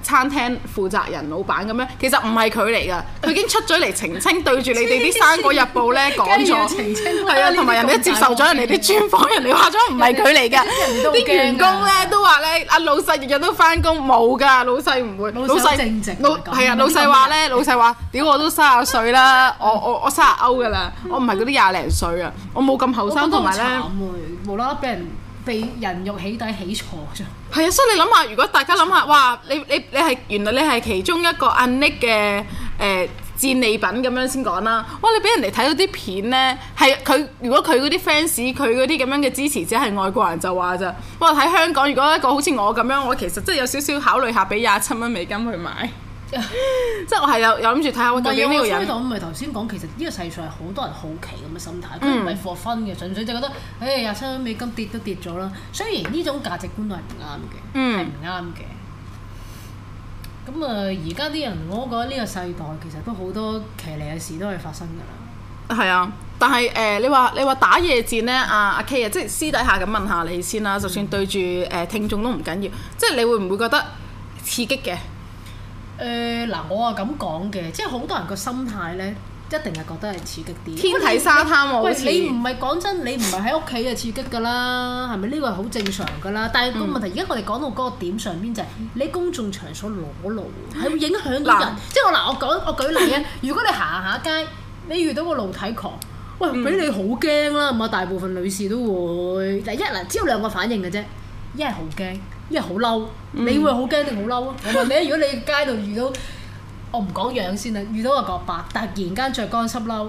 餐廳負責人老闆咁樣。其實唔係佢嚟噶，佢已經出咗嚟澄清，對住你哋啲《生果日報》咧講咗，係啊，同埋人哋接受咗人哋啲專訪，人哋話咗唔係佢嚟嘅。啲員工咧都話咧，阿老細日日都翻工冇㗎，老細唔會，老細正直啊，老細話咧，老細話屌我都三十歲啦，我我我三十歐㗎啦。 我唔係嗰啲廿零歲啊，我冇咁後生。同埋咧，呢無啦啦俾人俾人肉起底起錯咋。係啊， 所以你諗下，如果大家諗下，哇，你你你係原來你係其中一個 Nick 嘅誒戰利品咁樣先講啦。哇，你俾人哋睇到啲片咧，係佢如果佢嗰啲 fans 佢嗰啲咁樣嘅支持者係外國人就話咋。哇，喺香港如果一個好似我咁樣，我其實真係有少少考慮下俾廿七蚊美金去買。 即係我係有有諗住睇下我唔會我呢代我頭先講，其實呢個世代係好多人好奇咁嘅心態，佢唔係 for fun 嘅，純、嗯、粹就覺得誒，廿、哎、七美金跌都跌咗啦。雖然呢種價值觀都係唔啱嘅，係唔啱嘅。咁、嗯、啊，而家啲人，我都覺得呢個世代其實都好多騎呢嘅事都係發生噶啦。係啊，但係誒、呃，你話你話打野戰呢？阿阿 K 啊，K, 即係私底下咁問下你先啦。就算對住誒聽眾都唔緊要，嗯、即係你會唔會覺得刺激嘅？誒嗱、呃，我啊咁講嘅，即係好多人個心態咧，一定係覺得係刺激啲。天體沙灘喎，喂，你唔係講真，你唔係喺屋企就刺激㗎啦，係咪？呢、呢個係好正常㗎啦。但係個問題，而家我哋講到嗰個點上邊就係，你公眾場所裸露，係會影響到人。嗯、即係我嗱，我講我舉例啊。如果你行下街，你遇到個露體狂，喂，俾你好驚啦，咁啊，大部分女士都會。嗱，一嗱，只有兩個反應嘅啫，一係好驚。因為好嬲，嗯、你會好驚定好嬲啊？我問你，如果你街度遇到，我唔講樣先啦，遇到個國伯，突然間着乾濕褸，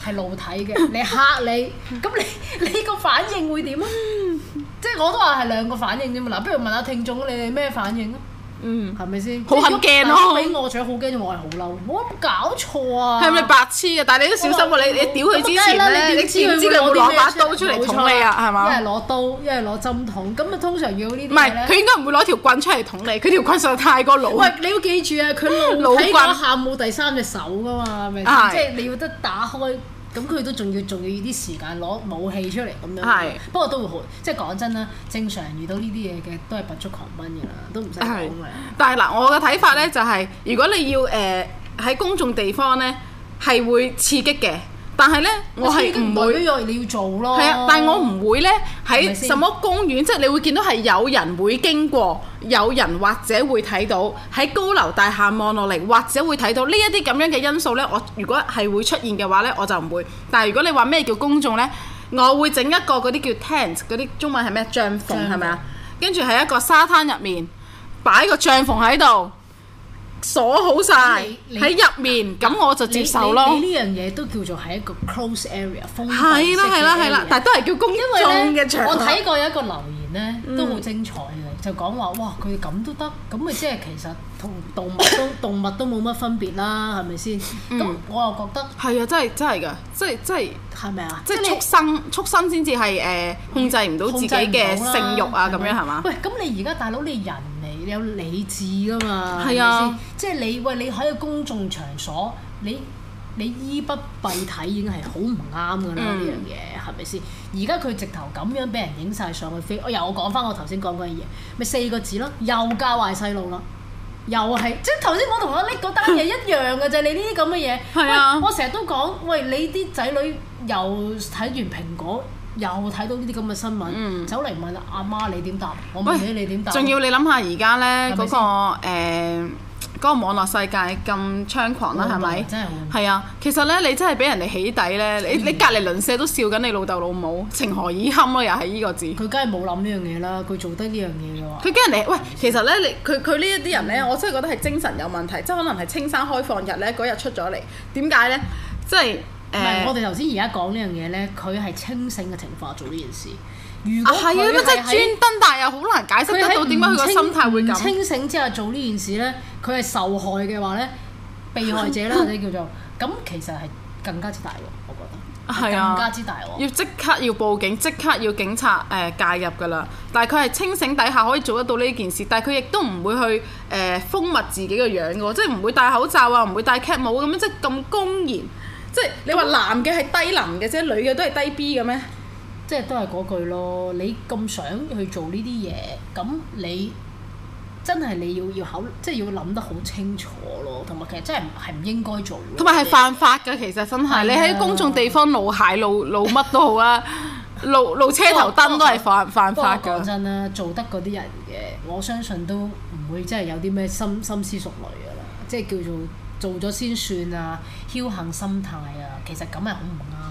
係露體嘅，你嚇你，咁 你你個反應會點啊？ 即係我都話係兩個反應啫嘛。嗱，不如問下聽眾，你哋咩反應啊？嗯，係咪先？好肯驚咯！俾是我搶好驚，啊、我係好嬲！我冇搞錯啊！係咪白痴嘅、啊？但係你都小心喎、啊！你你屌佢之前，你知你知唔知佢會攞把刀出嚟捅你啊？係嘛錯？一係攞刀，一係攞針筒。咁啊，通常要呢啲唔係，佢應該唔會攞條棍出嚟捅你。佢條棍實太過老。喂，你要記住啊！佢老老棍下冇第三隻手噶嘛，係咪先？是是即係你要得打開。咁佢都仲要仲要啲時間攞武器出嚟咁樣，係不過都會好，即係講真啦，正常遇到呢啲嘢嘅都係拔足狂奔㗎啦，都唔使講嘅。但係嗱，我嘅睇法咧就係、係，如果你要誒喺、呃、公眾地方咧，係會刺激嘅。但係呢，我係唔會。你要做咯。係啊，但係我唔會呢喺什麼公園，即係你會見到係有人會經過，有人或者會睇到喺高樓大廈望落嚟，或者會睇到呢一啲咁樣嘅因素呢。我如果係會出現嘅話呢，我就唔會。但係如果你話咩叫公眾呢，我會整一個嗰啲叫 tents 嗰啲中文係咩？帳篷係咪啊？跟住喺一個沙灘入面擺個帳篷喺度。鎖好曬喺入面，咁我就接受咯。你呢樣嘢都叫做係一個 close area，封閉式嘅。係啦係啦係啦，但係都係叫公共嘅場所。我睇過有一個留言咧，嗯、都好精彩嘅。就講話哇，佢咁都得，咁咪即係其實同動物都 動物都冇乜分別啦，係咪先？咁、嗯、我又覺得係啊，真係真係噶，即係即係係咪啊？即係畜生，你畜生先至係誒控制唔到自己嘅性慾啊，咁樣係嘛？是是喂，咁你而家大佬你人嚟，你有理智噶嘛？係是啊是是，即係你喂你喺個公眾場所，你你，你衣不蔽體已經係好唔啱噶啦呢樣嘢。嗯 係咪先？而家佢直頭咁樣俾人影晒上去飛，又我又講翻我頭先講嗰樣嘢，咪四個字咯，又教壞細路啦，又係即係頭先我同我拎嗰單嘢一樣嘅啫， 你呢啲咁嘅嘢，是啊，我成日都講，喂，你啲仔女又睇完蘋果，又睇到呢啲咁嘅新聞，嗯、走嚟問阿媽，媽你點答？我問你你點答？仲要你諗下而家呢嗰個誒嗰個網絡世界咁猖狂啦，係咪、oh my 吧？真係好。係啊，其實咧，你真係俾人哋起底咧，你你隔離鄰舍都笑緊你老豆老母，情何以堪咯、啊？又係呢個字。佢梗係冇諗呢樣嘢啦，佢做得呢樣嘢嘅話。佢驚人哋喂，其實咧，你佢佢呢一啲人咧，我真係覺得係精神有問題，即係可能係青山開放日咧嗰日出咗嚟，點解咧？即係誒。我哋頭先而家講呢樣嘢咧，佢係清醒嘅情況做呢件事。啊係啊！即係專登，但係又好難解釋得到點解佢個心態會咁清醒之後做呢件事呢，佢係受害嘅話呢，的被害者啦或者叫做咁， 其實係更加之大喎，我覺得。係啊的，更加之大喎。要即刻要報警，即刻要警察誒、呃、介入㗎啦！但係佢係清醒底下可以做得到呢件事，但係佢亦都唔會去誒、呃、封密自己個樣嘅喎，即係唔會戴口罩啊，唔會戴 cap 帽咁樣，即係咁公然。即係你話男嘅係低能嘅啫，女嘅都係低 B 嘅咩？即係都係嗰句咯，你咁想去做呢啲嘢，咁你真係你要要考，即係要諗得好清楚咯，同埋其實真係唔係唔應該做。同埋係犯法㗎，其實真係，啊、你喺公眾地方露械露露乜都好啊，露露車頭燈 都係犯犯法㗎。講，講真啦，做得嗰啲人嘅，我相信都唔會真係有啲咩深深思熟慮㗎啦，即係叫做做咗先算啊，僥幸心態啊，其實咁係好唔啱。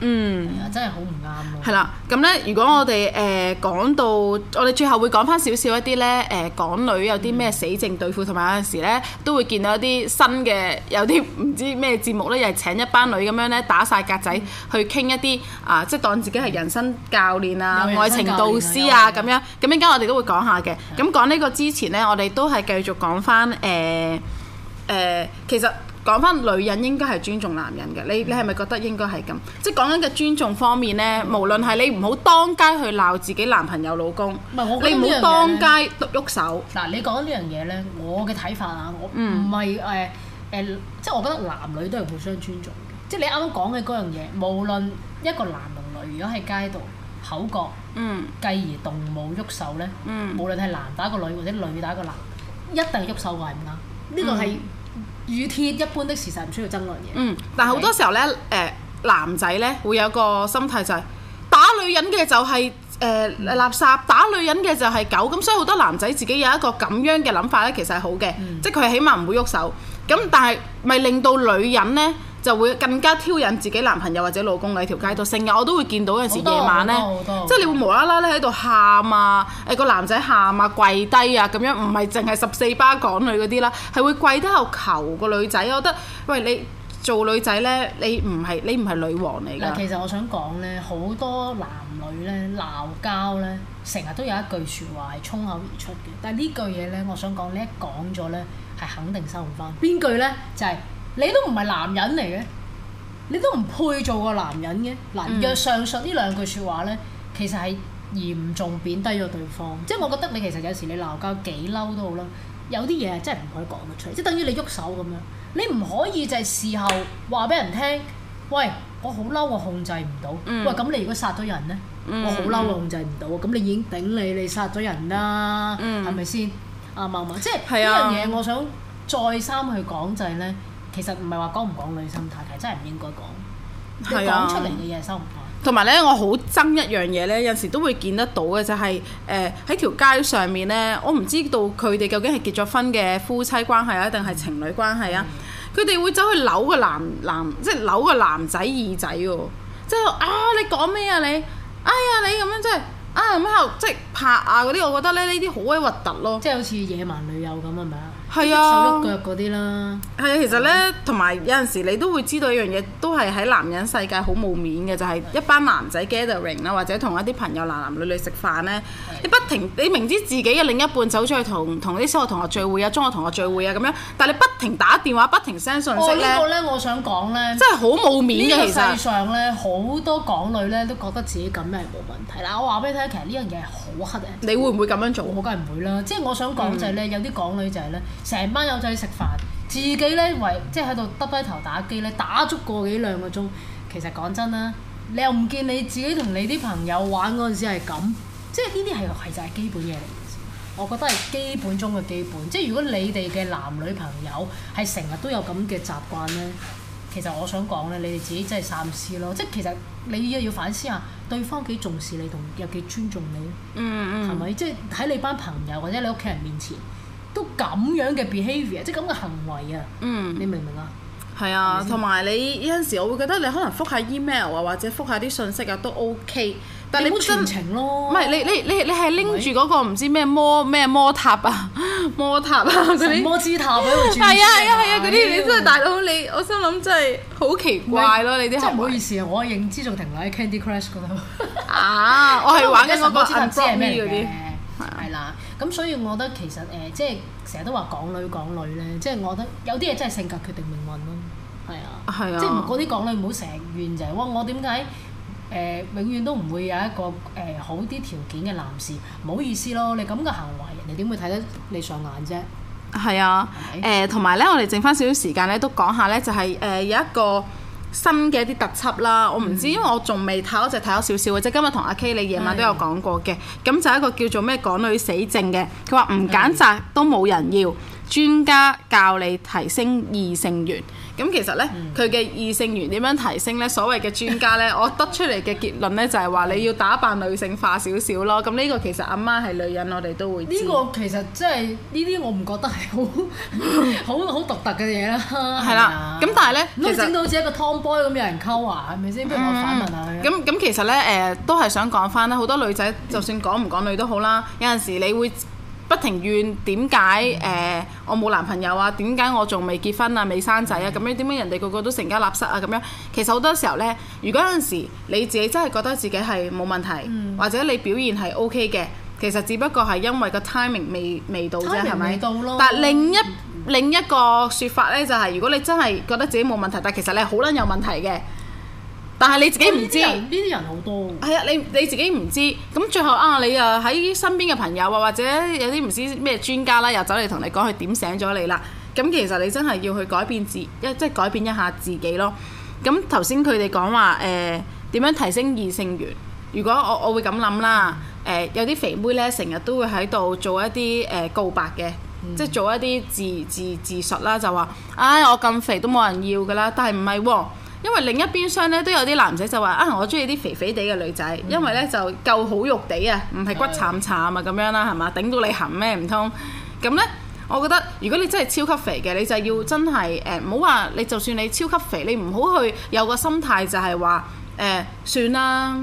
嗯，真係好唔啱。係啦，咁呢，如果我哋誒、呃、講到，我哋最後會講翻少少一啲呢，誒、呃、港女有啲咩死症對付，同埋、嗯、有陣時呢都會見到一啲新嘅，有啲唔知咩節目呢，又係請一班女咁樣呢打晒格仔去，去傾一啲啊，即係當自己係人生教練啊、練啊愛情導師啊咁、啊、樣。咁陣間我哋都會講下嘅。咁的講呢個之前呢，我哋都係繼續講翻誒誒，其實。講翻女人應該係尊重男人嘅，你你係咪覺得應該係咁？即係講緊嘅尊重方面咧，無論係你唔好當街去鬧自己男朋友老公，唔係我覺得呢樣嘢，你唔好當街喐手。嗱，你講呢樣嘢咧，我嘅睇法啊，我唔係誒誒，即係我覺得男女都係互相尊重嘅。即係你啱啱講嘅嗰樣嘢，無論一個男同女，如果喺街度口角，嗯，繼而動武喐手咧，嗯，無論係男打個女或者女打個男，一定喐手嘅係唔啱，呢個係。雨天一般的時勢唔需要爭論嘢。嗯，但係好多時候呢，誒 Okay?、呃、男仔呢會有個心態就係、是、打女人嘅就係、是、誒、呃、垃圾，打女人嘅就係狗。咁所以好多男仔自己有一個咁樣嘅諗法呢，其實係好嘅，嗯、即係佢起碼唔會喐手。咁但係咪令到女人呢？就會更加挑引自己男朋友或者老公喺條街度，成日我都會見到有陣時夜晚呢，即係你會無啦啦咧喺度喊啊，誒個男仔喊啊，跪低啊咁樣，唔係淨係十四巴港女嗰啲啦，係會跪低後求個女仔。我覺得，喂，你做女仔呢，你唔係你唔係女王嚟㗎。其實我想講呢，好多男女咧鬧交呢，成日都有一句説話係衝口而出嘅，但係呢句嘢呢，我想講，你一講咗呢，係肯定收唔翻。邊句呢？就係、是。你都唔係男人嚟嘅，你都唔配做個男人嘅。能約上述呢兩句説話咧，其實係嚴重貶低咗對方。即係我覺得你其實有時你鬧交幾嬲都好啦，有啲嘢係真係唔可以講得出嚟，即係等於你喐手咁樣。你唔可以就係事後話俾人聽，喂，我好嬲，我控制唔到。喂，咁你如果殺咗人咧，我好嬲，我控制唔到。咁你已經頂你，你殺咗人啦，係咪先？啊，啱啱，即係呢樣嘢，我想再三去講就係咧。其實唔係話講唔講女心態，係真係唔應該講。係啊，講出嚟嘅嘢收唔到。同埋咧，我好憎一樣嘢咧，有時都會見得到嘅就係誒喺條街上面咧，我唔知道佢哋究竟係結咗婚嘅夫妻關係啊，定係情侶關係啊。佢哋是的 會走去扭個男男，即係扭個男仔耳仔喎，即係啊你講咩啊你？哎呀你咁樣，、啊、樣即係啊咁又即係拍啊嗰啲，我覺得咧呢啲、呃、好鬼核突咯，即係好似野蠻女友咁係咪啊？係啊，碌手碌腳嗰啲啦。係啊，其實咧，同埋的有陣時你都會知道一樣嘢，都係喺男人世界好冇面嘅，就係、是、一班男仔 gathering 啦，或者同一啲朋友男男女女食飯咧，的你不停，你明知自己嘅另一半走出去同同啲小學同學聚會啊、中學同學聚會啊咁樣，但係你不停打電話、不停 send 信息咧。哦這個、呢個咧，我想講咧，真係好冇面嘅。這個這個、上呢個上咧，好多港女咧都覺得自己咁樣係冇問題啦。我話俾你聽，其實呢樣嘢係好黑嘅。你會唔會咁樣做？我梗係唔會啦。即係我想講就係咧，嗯、有啲港女就係咧。成班友仔食飯，自己呢為即係喺度耷低頭打機咧，打足個幾兩個鐘。其實講真啦，你又唔見你自己同你啲朋友玩嗰陣時係咁，即係呢啲係係就係、是、基本嘢嚟。我覺得係基本中嘅基本。即係如果你哋嘅男女朋友係成日都有咁嘅習慣呢，其實我想講呢，你哋自己真係三思咯。即係其實你要要反思下，對方幾重視你同又幾尊重你。嗯嗯，係咪？即係喺你班朋友或者你屋企人面前。都咁樣嘅 behavior 即係咁嘅行為啊！嗯，你明唔明啊？係啊，同埋你依陣時，我會覺得你可能復下 email 啊，或者復下啲信息啊，都 OK。但係你冇全情咯。唔係你你你你係拎住嗰個唔知咩魔咩魔塔啊，魔塔啊嗰啲。魔之塔喺度轉。係啊係啊係啊！嗰啲你真係大佬，你我心諗真係好奇怪咯，你啲行為真係唔好意思啊！我認知仲停留喺 Candy Crush 嗰度。啊！我係玩緊嗰個。魔之塔係咩嘅？係啊。係啦。咁所以，我覺得其實誒、呃，即係成日都話港女港女咧，即係我覺得有啲嘢真係性格決定命運咯，係啊，啊即係嗰啲港女唔好成日怨就係，哇！我點解誒永遠都唔會有一個誒、呃、好啲條件嘅男士，唔好意思咯，你咁嘅行為，人哋點會睇得你上眼啫？係啊，誒同埋咧，我哋剩翻少少時間咧，都講下咧，就係、是、誒、呃、有一個。新嘅一啲特輯啦，我唔知，因為我仲未睇，我淨係睇咗少少嘅啫。即今日同阿 K，你夜晚都有講過嘅，咁就是的 一個叫做咩港女死症嘅，佢話唔揀擇都冇人要。專家教你提升異性緣，咁其實呢，佢嘅、嗯、異性緣點樣提升呢？所謂嘅專家呢，我得出嚟嘅結論呢，就係、是、話你要打扮女性化少少咯。咁呢個其實阿媽係女人，我哋都會知。呢個其實即係呢啲我唔覺得係好好好獨特嘅嘢啦。係啦、啊，咁、啊、但係呢，可以整到好似一個 Tomboy 咁有人溝啊，係咪先？不如我反問下佢。咁咁其實呢，誒、呃，都係想講翻啦，好多女仔就算講唔講女都好啦，有陣時你會。不停怨點解誒我冇男朋友啊？點解我仲未結婚啊？未生仔啊？咁樣點解人哋個個都成家立室啊？咁樣其實好多時候呢，如果有陣時你自己真係覺得自己係冇問題，嗯、或者你表現係 O K 嘅，其實只不過係因為個 timing 未未到啫。timing 未到咯。係咪？但另一另一個說法呢，就係、係，如果你真係覺得自己冇問題，但其實你係好撚有問題嘅。但係你自己唔知，呢啲、哦、人好多。係啊，你你自己唔知，咁最後啊，你啊喺身邊嘅朋友啊，或者有啲唔知咩專家啦，又走嚟同你講，佢點醒咗你啦。咁其實你真係要去改變自己，即係改變一下自己咯。咁頭先佢哋講話誒點樣提升異性緣？如果我我會咁諗啦。誒、呃、有啲肥妹咧，成日都會喺度做一啲誒告白嘅，嗯、即係做一啲自自自述啦，就話，唉、哎，我咁肥都冇人要噶啦。但係唔係喎？因為另一邊廂咧都有啲男仔就話啊，我中意啲肥肥地嘅女仔，嗯、因為咧就夠好肉地啊，唔係骨慘慘啊咁樣啦，係嘛？頂到你痕咩唔通？咁呢，我覺得如果你真係超級肥嘅，你就要真係誒，唔好話你就算你超級肥，你唔好去有個心態就係話誒，算啦，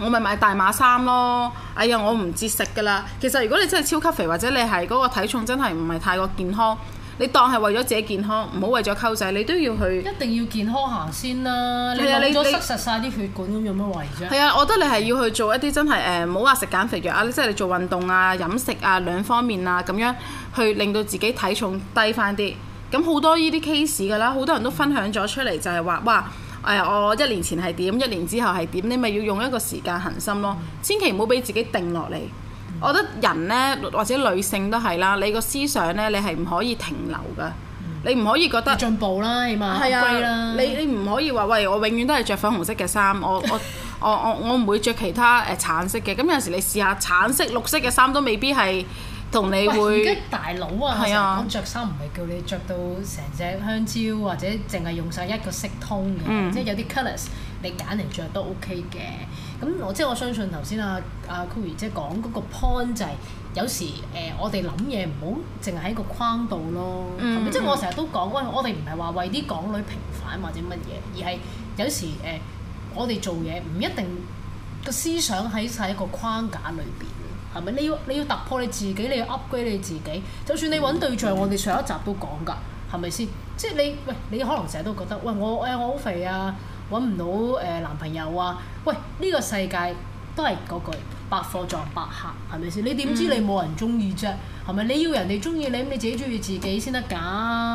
我咪買大碼衫咯。哎呀，我唔節食㗎啦。其實如果你真係超級肥，或者你係嗰個體重真係唔係太過健康。你當係為咗自己健康，唔好為咗溝仔，你都要去。一定要健康行先啦、啊！啊、你老咗你塞實晒啲血管，咁有乜謂啫？係啊，我覺得你係要去做一啲真係誒，唔好話食減肥藥啊，即係你做運動啊、飲食啊兩方面啊咁樣，去令到自己體重低返啲。咁好多呢啲 case 㗎啦，好多人都分享咗出嚟就係話，哇誒、呃，我一年前係點，一年之後係點，你咪要用一個時間恒心咯，千祈唔好俾自己定落嚟。我覺得人呢，或者女性都係啦，你個思想呢，你係唔可以停留噶，嗯、你唔可以覺得，進步啦，起碼。係啊，嗯、你你唔可以話喂，我永遠都係着粉紅色嘅衫，我 我我我唔會着其他誒橙色嘅。咁 有時你試下橙色、綠色嘅衫都未必係同你會。大佬啊，係啊！講著衫唔係叫你着到成隻香蕉，或者淨係用曬一個色通嘅，嗯、即係有啲 colours，你揀嚟着都 OK 嘅。咁我即係我相信頭先阿啊 Kuri 姐講嗰個 point 就係有時誒、呃、我哋諗嘢唔好淨係喺個框度咯，即係、mm hmm. 即係、我成日都講，喂我哋唔係話為啲港女平反或者乜嘢，而係有時誒、呃、我哋做嘢唔一定個思想喺晒一個框架裏邊，係咪？你要你要突破你自己，你要 upgrade 你自己。就算你揾對象，mm hmm. 我哋上一集都講㗎，係咪先？即係你喂你可能成日都覺得，喂我誒我，我好肥啊！揾唔到誒男朋友啊！喂，呢個世界都係嗰句百貨撞百客，係咪先？你點知你冇人中意啫？係咪、嗯？你要人哋中意你，你自己中意自己先得㗎。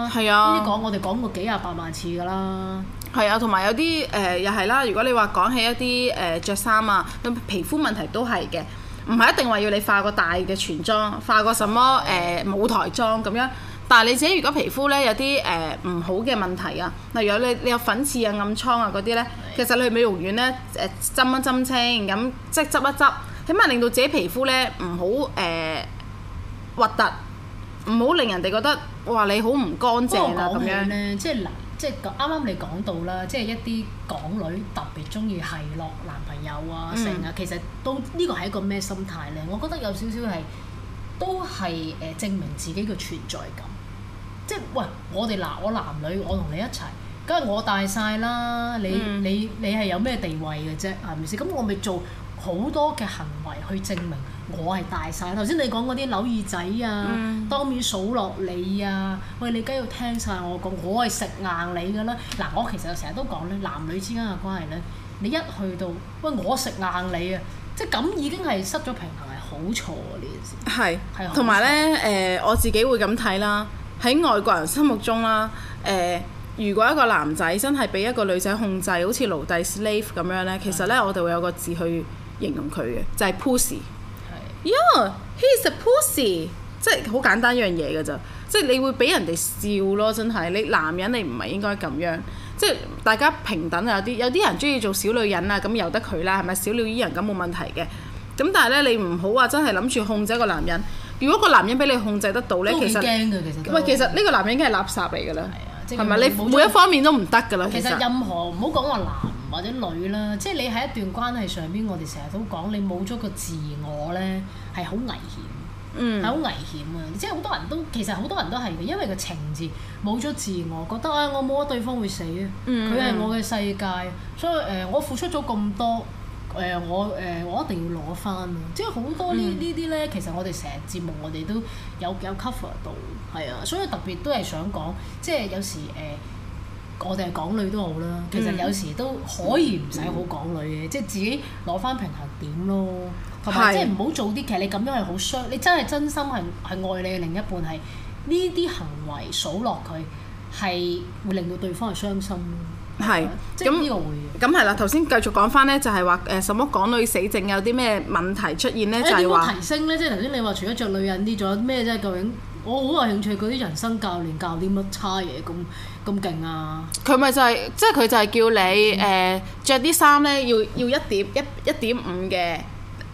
係啊，呢啲講我哋講過幾廿百萬次㗎啦。係啊，同埋有啲誒、呃、又係啦。如果你話講起一啲誒著衫啊，咁皮膚問題都係嘅，唔係一定話要你化個大嘅全妝，化個什麼誒、呃、舞台妝咁樣。但係你自己如果皮膚咧有啲誒唔好嘅問題啊，例如你你有粉刺啊、暗瘡啊嗰啲咧，呢是的 其實你去美容院咧誒、呃、針一針清，咁即係執一執，起碼令到自己皮膚咧唔好誒核突，唔、呃、好令人哋覺得哇你好唔乾淨啦、啊、咁樣咧，即係嗱即係啱啱你講到啦，即係一啲港女特別中意係落男朋友啊成啊，嗯、其實都呢個係一個咩心態咧？我覺得有少少係都係誒證明自己嘅存在感。即係喂，我哋嗱，我男女，我同你一齊，梗係我大晒啦。你、嗯、你你係有咩地位嘅啫？啊，係咪先？咁我咪做好多嘅行為去證明我係大晒。頭先你講嗰啲扭耳仔啊，嗯、當面數落你啊，喂，你梗要聽晒我講，我係食硬你㗎啦。嗱，我其實成日都講咧，男女之間嘅關係咧，你一去到喂我食硬你啊，即係咁已經係失咗平衡，係好錯，係好錯呢件事。係係，同埋咧誒，我自己會咁睇啦。喺外國人心目中啦，誒、呃，如果一個男仔真係俾一個女仔控制，好似奴隸 slave 咁樣呢，其實呢，我哋會有個字去形容佢嘅，就係 pussy。Yeah, he is a pussy，即係好簡單一樣嘢㗎咋，即係你會俾人哋笑咯，真係你男人你唔係應該咁樣，即係大家平等啊！有啲有啲人中意做小女人啊，咁由得佢啦，係咪？小鳥依人咁冇問題嘅，咁但係呢，你唔好話真係諗住控制一個男人。如果個男人俾你控制得到咧，其實喂，其實呢個男人已經係垃圾嚟㗎啦，係咪、啊即係？你每一方面都唔得㗎啦。其實任何唔好講話男或者女啦，即係你喺一段關係上邊，我哋成日都講你冇咗個自我咧，係好危險，係好、嗯、危險啊！即係好多人都其實好多人都係嘅，因為個情字冇咗自我，覺得啊、哎，我冇咗對方會死啊，佢係、嗯、我嘅世界，所以誒、呃，我付出咗咁多。誒、呃、我誒、呃、我一定要攞翻，即係好多呢呢啲咧，嗯、其實我哋成日節目我哋都有有 cover 到，係啊，所以特別都係想講，即、就、係、是、有時誒、呃，我哋係港女都好啦，其實有時都可以唔使好港女嘅，嗯、即係自己攞翻平衡點咯，同埋即係唔好做啲其實你咁樣係好傷，是的 你真係真心係係愛你嘅另一半，係呢啲行為數落佢，係會令到對方係傷心。係，咁咁係啦。頭先繼續講翻咧，就係話誒什麼港女死症有啲咩問題出現咧，就係話提升咧。即係頭先你話除咗著女人啲，仲有咩啫？究竟我好有興趣，嗰啲人生教練教啲乜叉嘢咁咁勁啊？佢咪就係，即係佢就係叫你誒著啲衫咧，要要一點一一點五嘅。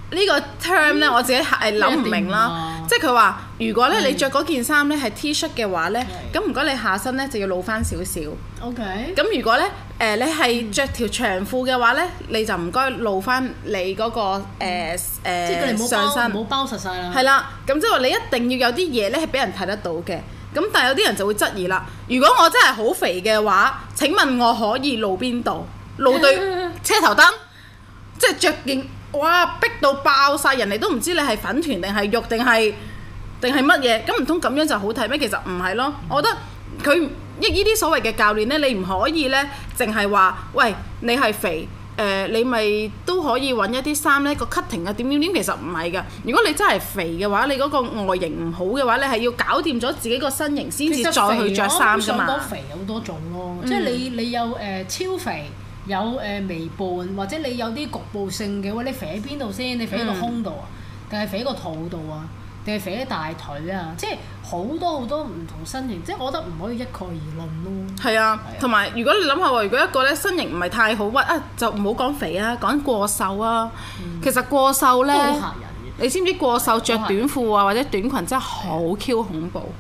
呢個 term 咧，我自己係諗唔明啦。即係佢話，如果咧你著嗰件衫咧係 T 恤嘅話咧，咁唔該你下身咧就要露翻少少。OK。咁如果咧誒你係著條長褲嘅話咧，你就唔該露翻你嗰個誒誒上身。即係佢唔好包，唔好包實曬啦。係啦，咁即係話你一定要有啲嘢咧係俾人睇得到嘅。咁但係有啲人就會質疑啦。如果我真係好肥嘅話，請問我可以露邊度？露對車頭燈，即係著件。哇！逼到爆晒！人哋都唔知你係粉團定係肉定係定係乜嘢？咁唔通咁樣就好睇咩？其實唔係咯，嗯、我覺得佢呢啲所謂嘅教練呢，你唔可以呢，淨係話喂你係肥誒，你咪都、呃、可以揾一啲衫呢個 cutting 啊點點點，其實唔係㗎。如果你真係肥嘅話，你嗰個外形唔好嘅話，你係要搞掂咗自己個身形先至再去着衫，咁多肥好多種咯、啊，即係、嗯、你你有誒、呃、超肥。有誒微胖，或者你有啲局部性嘅話，你肥喺邊度先？你肥喺個胸度啊，定係肥喺個肚度啊，定係肥喺大腿啊？即係好多好多唔同身形，即係我覺得唔可以一概而論咯。係啊，同埋、啊、如果你諗下話，如果一個咧身形唔係太好屈啊，就唔好講肥啊，講過瘦啊。嗯、其實過瘦咧，你知唔知過瘦着短褲啊或者短裙真係好 Q 恐怖？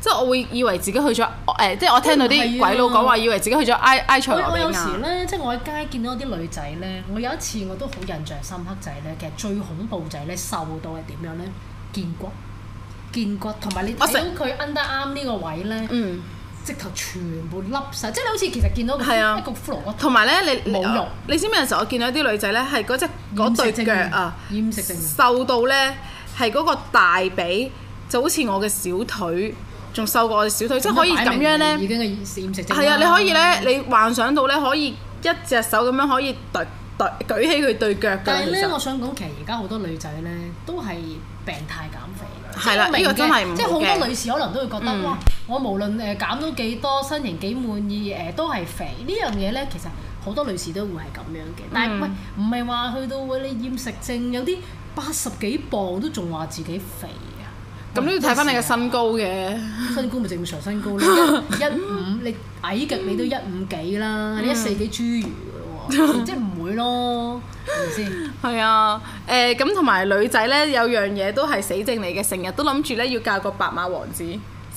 即係我會以為自己去咗誒、呃，即係我聽到啲鬼佬講話，啊、以為自己去咗 I I 場，我，啊、我有時咧，即係我喺街見到啲女仔咧。我有一次我都好印象深刻就呢，就係咧其實最恐怖就係咧瘦到係點樣咧？見骨見骨，同埋你我想佢 underarm，呢個位咧，說嗯，直頭全部凹晒。即係你好似其實見到係啊個骷髏骨。同埋咧，你冇用。你知唔知有時我見到啲女仔咧，係嗰隻嗰對腳啊，厭食症瘦到咧係嗰個大髀就好似我嘅小腿。仲瘦過我小腿，即係可以咁樣咧。已經嘅厭食症係啊，對你可以咧，嗯、你幻想到咧，可以一隻手咁樣可以舉起佢對腳。但係咧，我想講其實而家好多女仔咧，都係病態減肥。係啦了，美個真係唔驚。即係好多女士可能都會覺得、嗯、哇，我無論誒減到幾多身形幾滿意誒，都係肥。樣呢樣嘢咧，其實好多女士都會係咁樣嘅。但係唔係唔係話去到會你厭食症，有啲八十幾磅都仲話自己肥。咁都、嗯、要睇翻你嘅身高嘅、啊，身 高咪正常身高咯， 一五你矮極你都一五幾啦，你 一四幾侏儒嘅喎， 即係唔會咯，係咪先？係 啊，誒咁同埋女仔咧，有樣嘢都係死症嚟嘅，成日都諗住咧要嫁個白馬王子。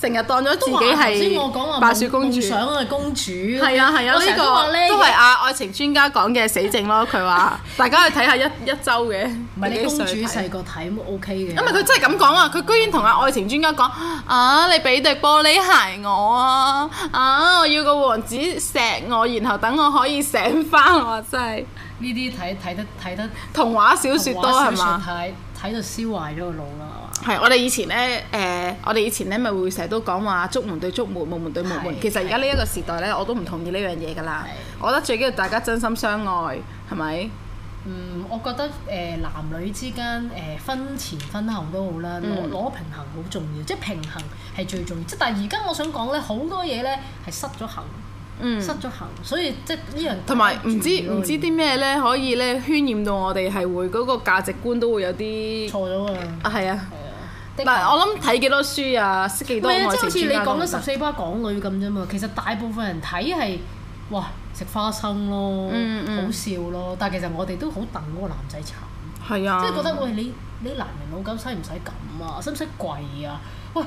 成日當咗自己係白雪公主想個公主，啊，啊，呢、呢個都係啊愛情專家講嘅死症咯。佢話 大家去睇下一一週嘅。唔係你公主細個睇都 OK 嘅。因為佢真係咁講啊，佢居然同啊愛情專家講 啊，你俾對玻璃鞋我啊，啊，我要個王子錫我，然後等我可以醒翻。我。真」真係呢啲睇睇得睇得童話小説多係嘛？睇到燒壞咗個腦啦～係，我哋 Sí,、嗯、以前咧，誒、呃，我哋以前咧，咪、嗯、會成日都講話，竹門對竹門，木門對木門，門。是是是其實而家呢一個時代咧，我都唔同意呢樣嘢噶啦。是是我覺得最緊要大家真心相愛，係咪？嗯，我覺得誒男女之間誒婚、呃、前婚後都好啦，攞攞平衡好重要，即係、嗯、平衡係最重要。即但係而家我想講咧，好多嘢咧係失咗衡，嗯，失咗衡。所以即係、嗯、呢樣同埋唔知唔知啲咩咧，可以咧渲染到我哋係會嗰、那個價值觀都會有啲錯咗㗎啊，係啊。啊啊啊啊嗱，我諗睇幾多書啊，識幾多即係好似你講咗十四班港女咁啫嘛。其實大部分人睇係，哇， 食花生咯，好笑咯。但係 其實我哋都好戥嗰個男仔慘，即係、啊、覺得、嗯、喂，你你男人老狗使唔使咁啊？使唔使跪啊，喂。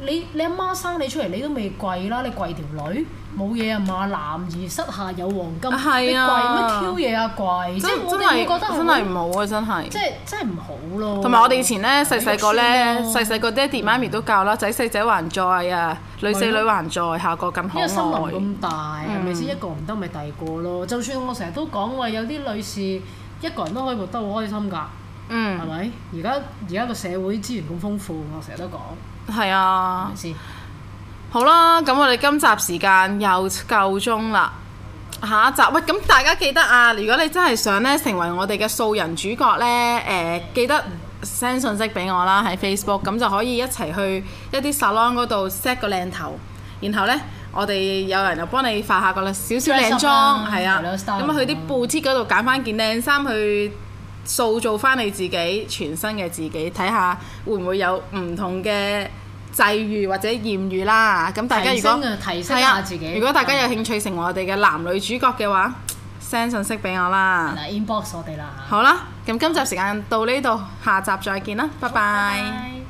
你你阿媽生你出嚟，你都未跪啦！你跪條女冇嘢啊嘛！男兒膝下有黃金，你跪乜挑嘢啊？跪、啊、真真係唔好啊！真係真係唔好咯、啊。同埋我哋以前咧細細個咧細細個，爹哋媽咪都教啦，仔細仔還在啊，啊，啊，女細女還在，啊、下個更可愛。因為心房咁大，係咪先一個唔得咪第二個咯？就算我成日都講話，有啲女士一個人都可以活得好開心㗎，係咪、嗯？而家而家個社會資源咁豐富，我成日都講。係啊，事好啦，咁我哋今集時間又夠鐘啦，下一集喂，咁大家記得啊，如果你真係想咧成為我哋嘅素人主角呢，誒、呃、記得 send 信息俾我啦，喺 Facebook，咁就可以一齊去一啲 salon 嗰度 set 個靚頭，然後呢，我哋有人又幫你化下個少少靚妝，係啊，咁去啲布貼嗰度揀翻件靚衫去。塑造翻你自己全新嘅自己，睇下會唔會有唔同嘅際遇或者艷遇啦。咁大家如果提、啊、提下自己，啊、如果大家有興趣成為我哋嘅男女主角嘅話，send 信息俾我啦。inbox 我哋啦，好啦，咁今集時間到呢度，下集再見啦，拜拜。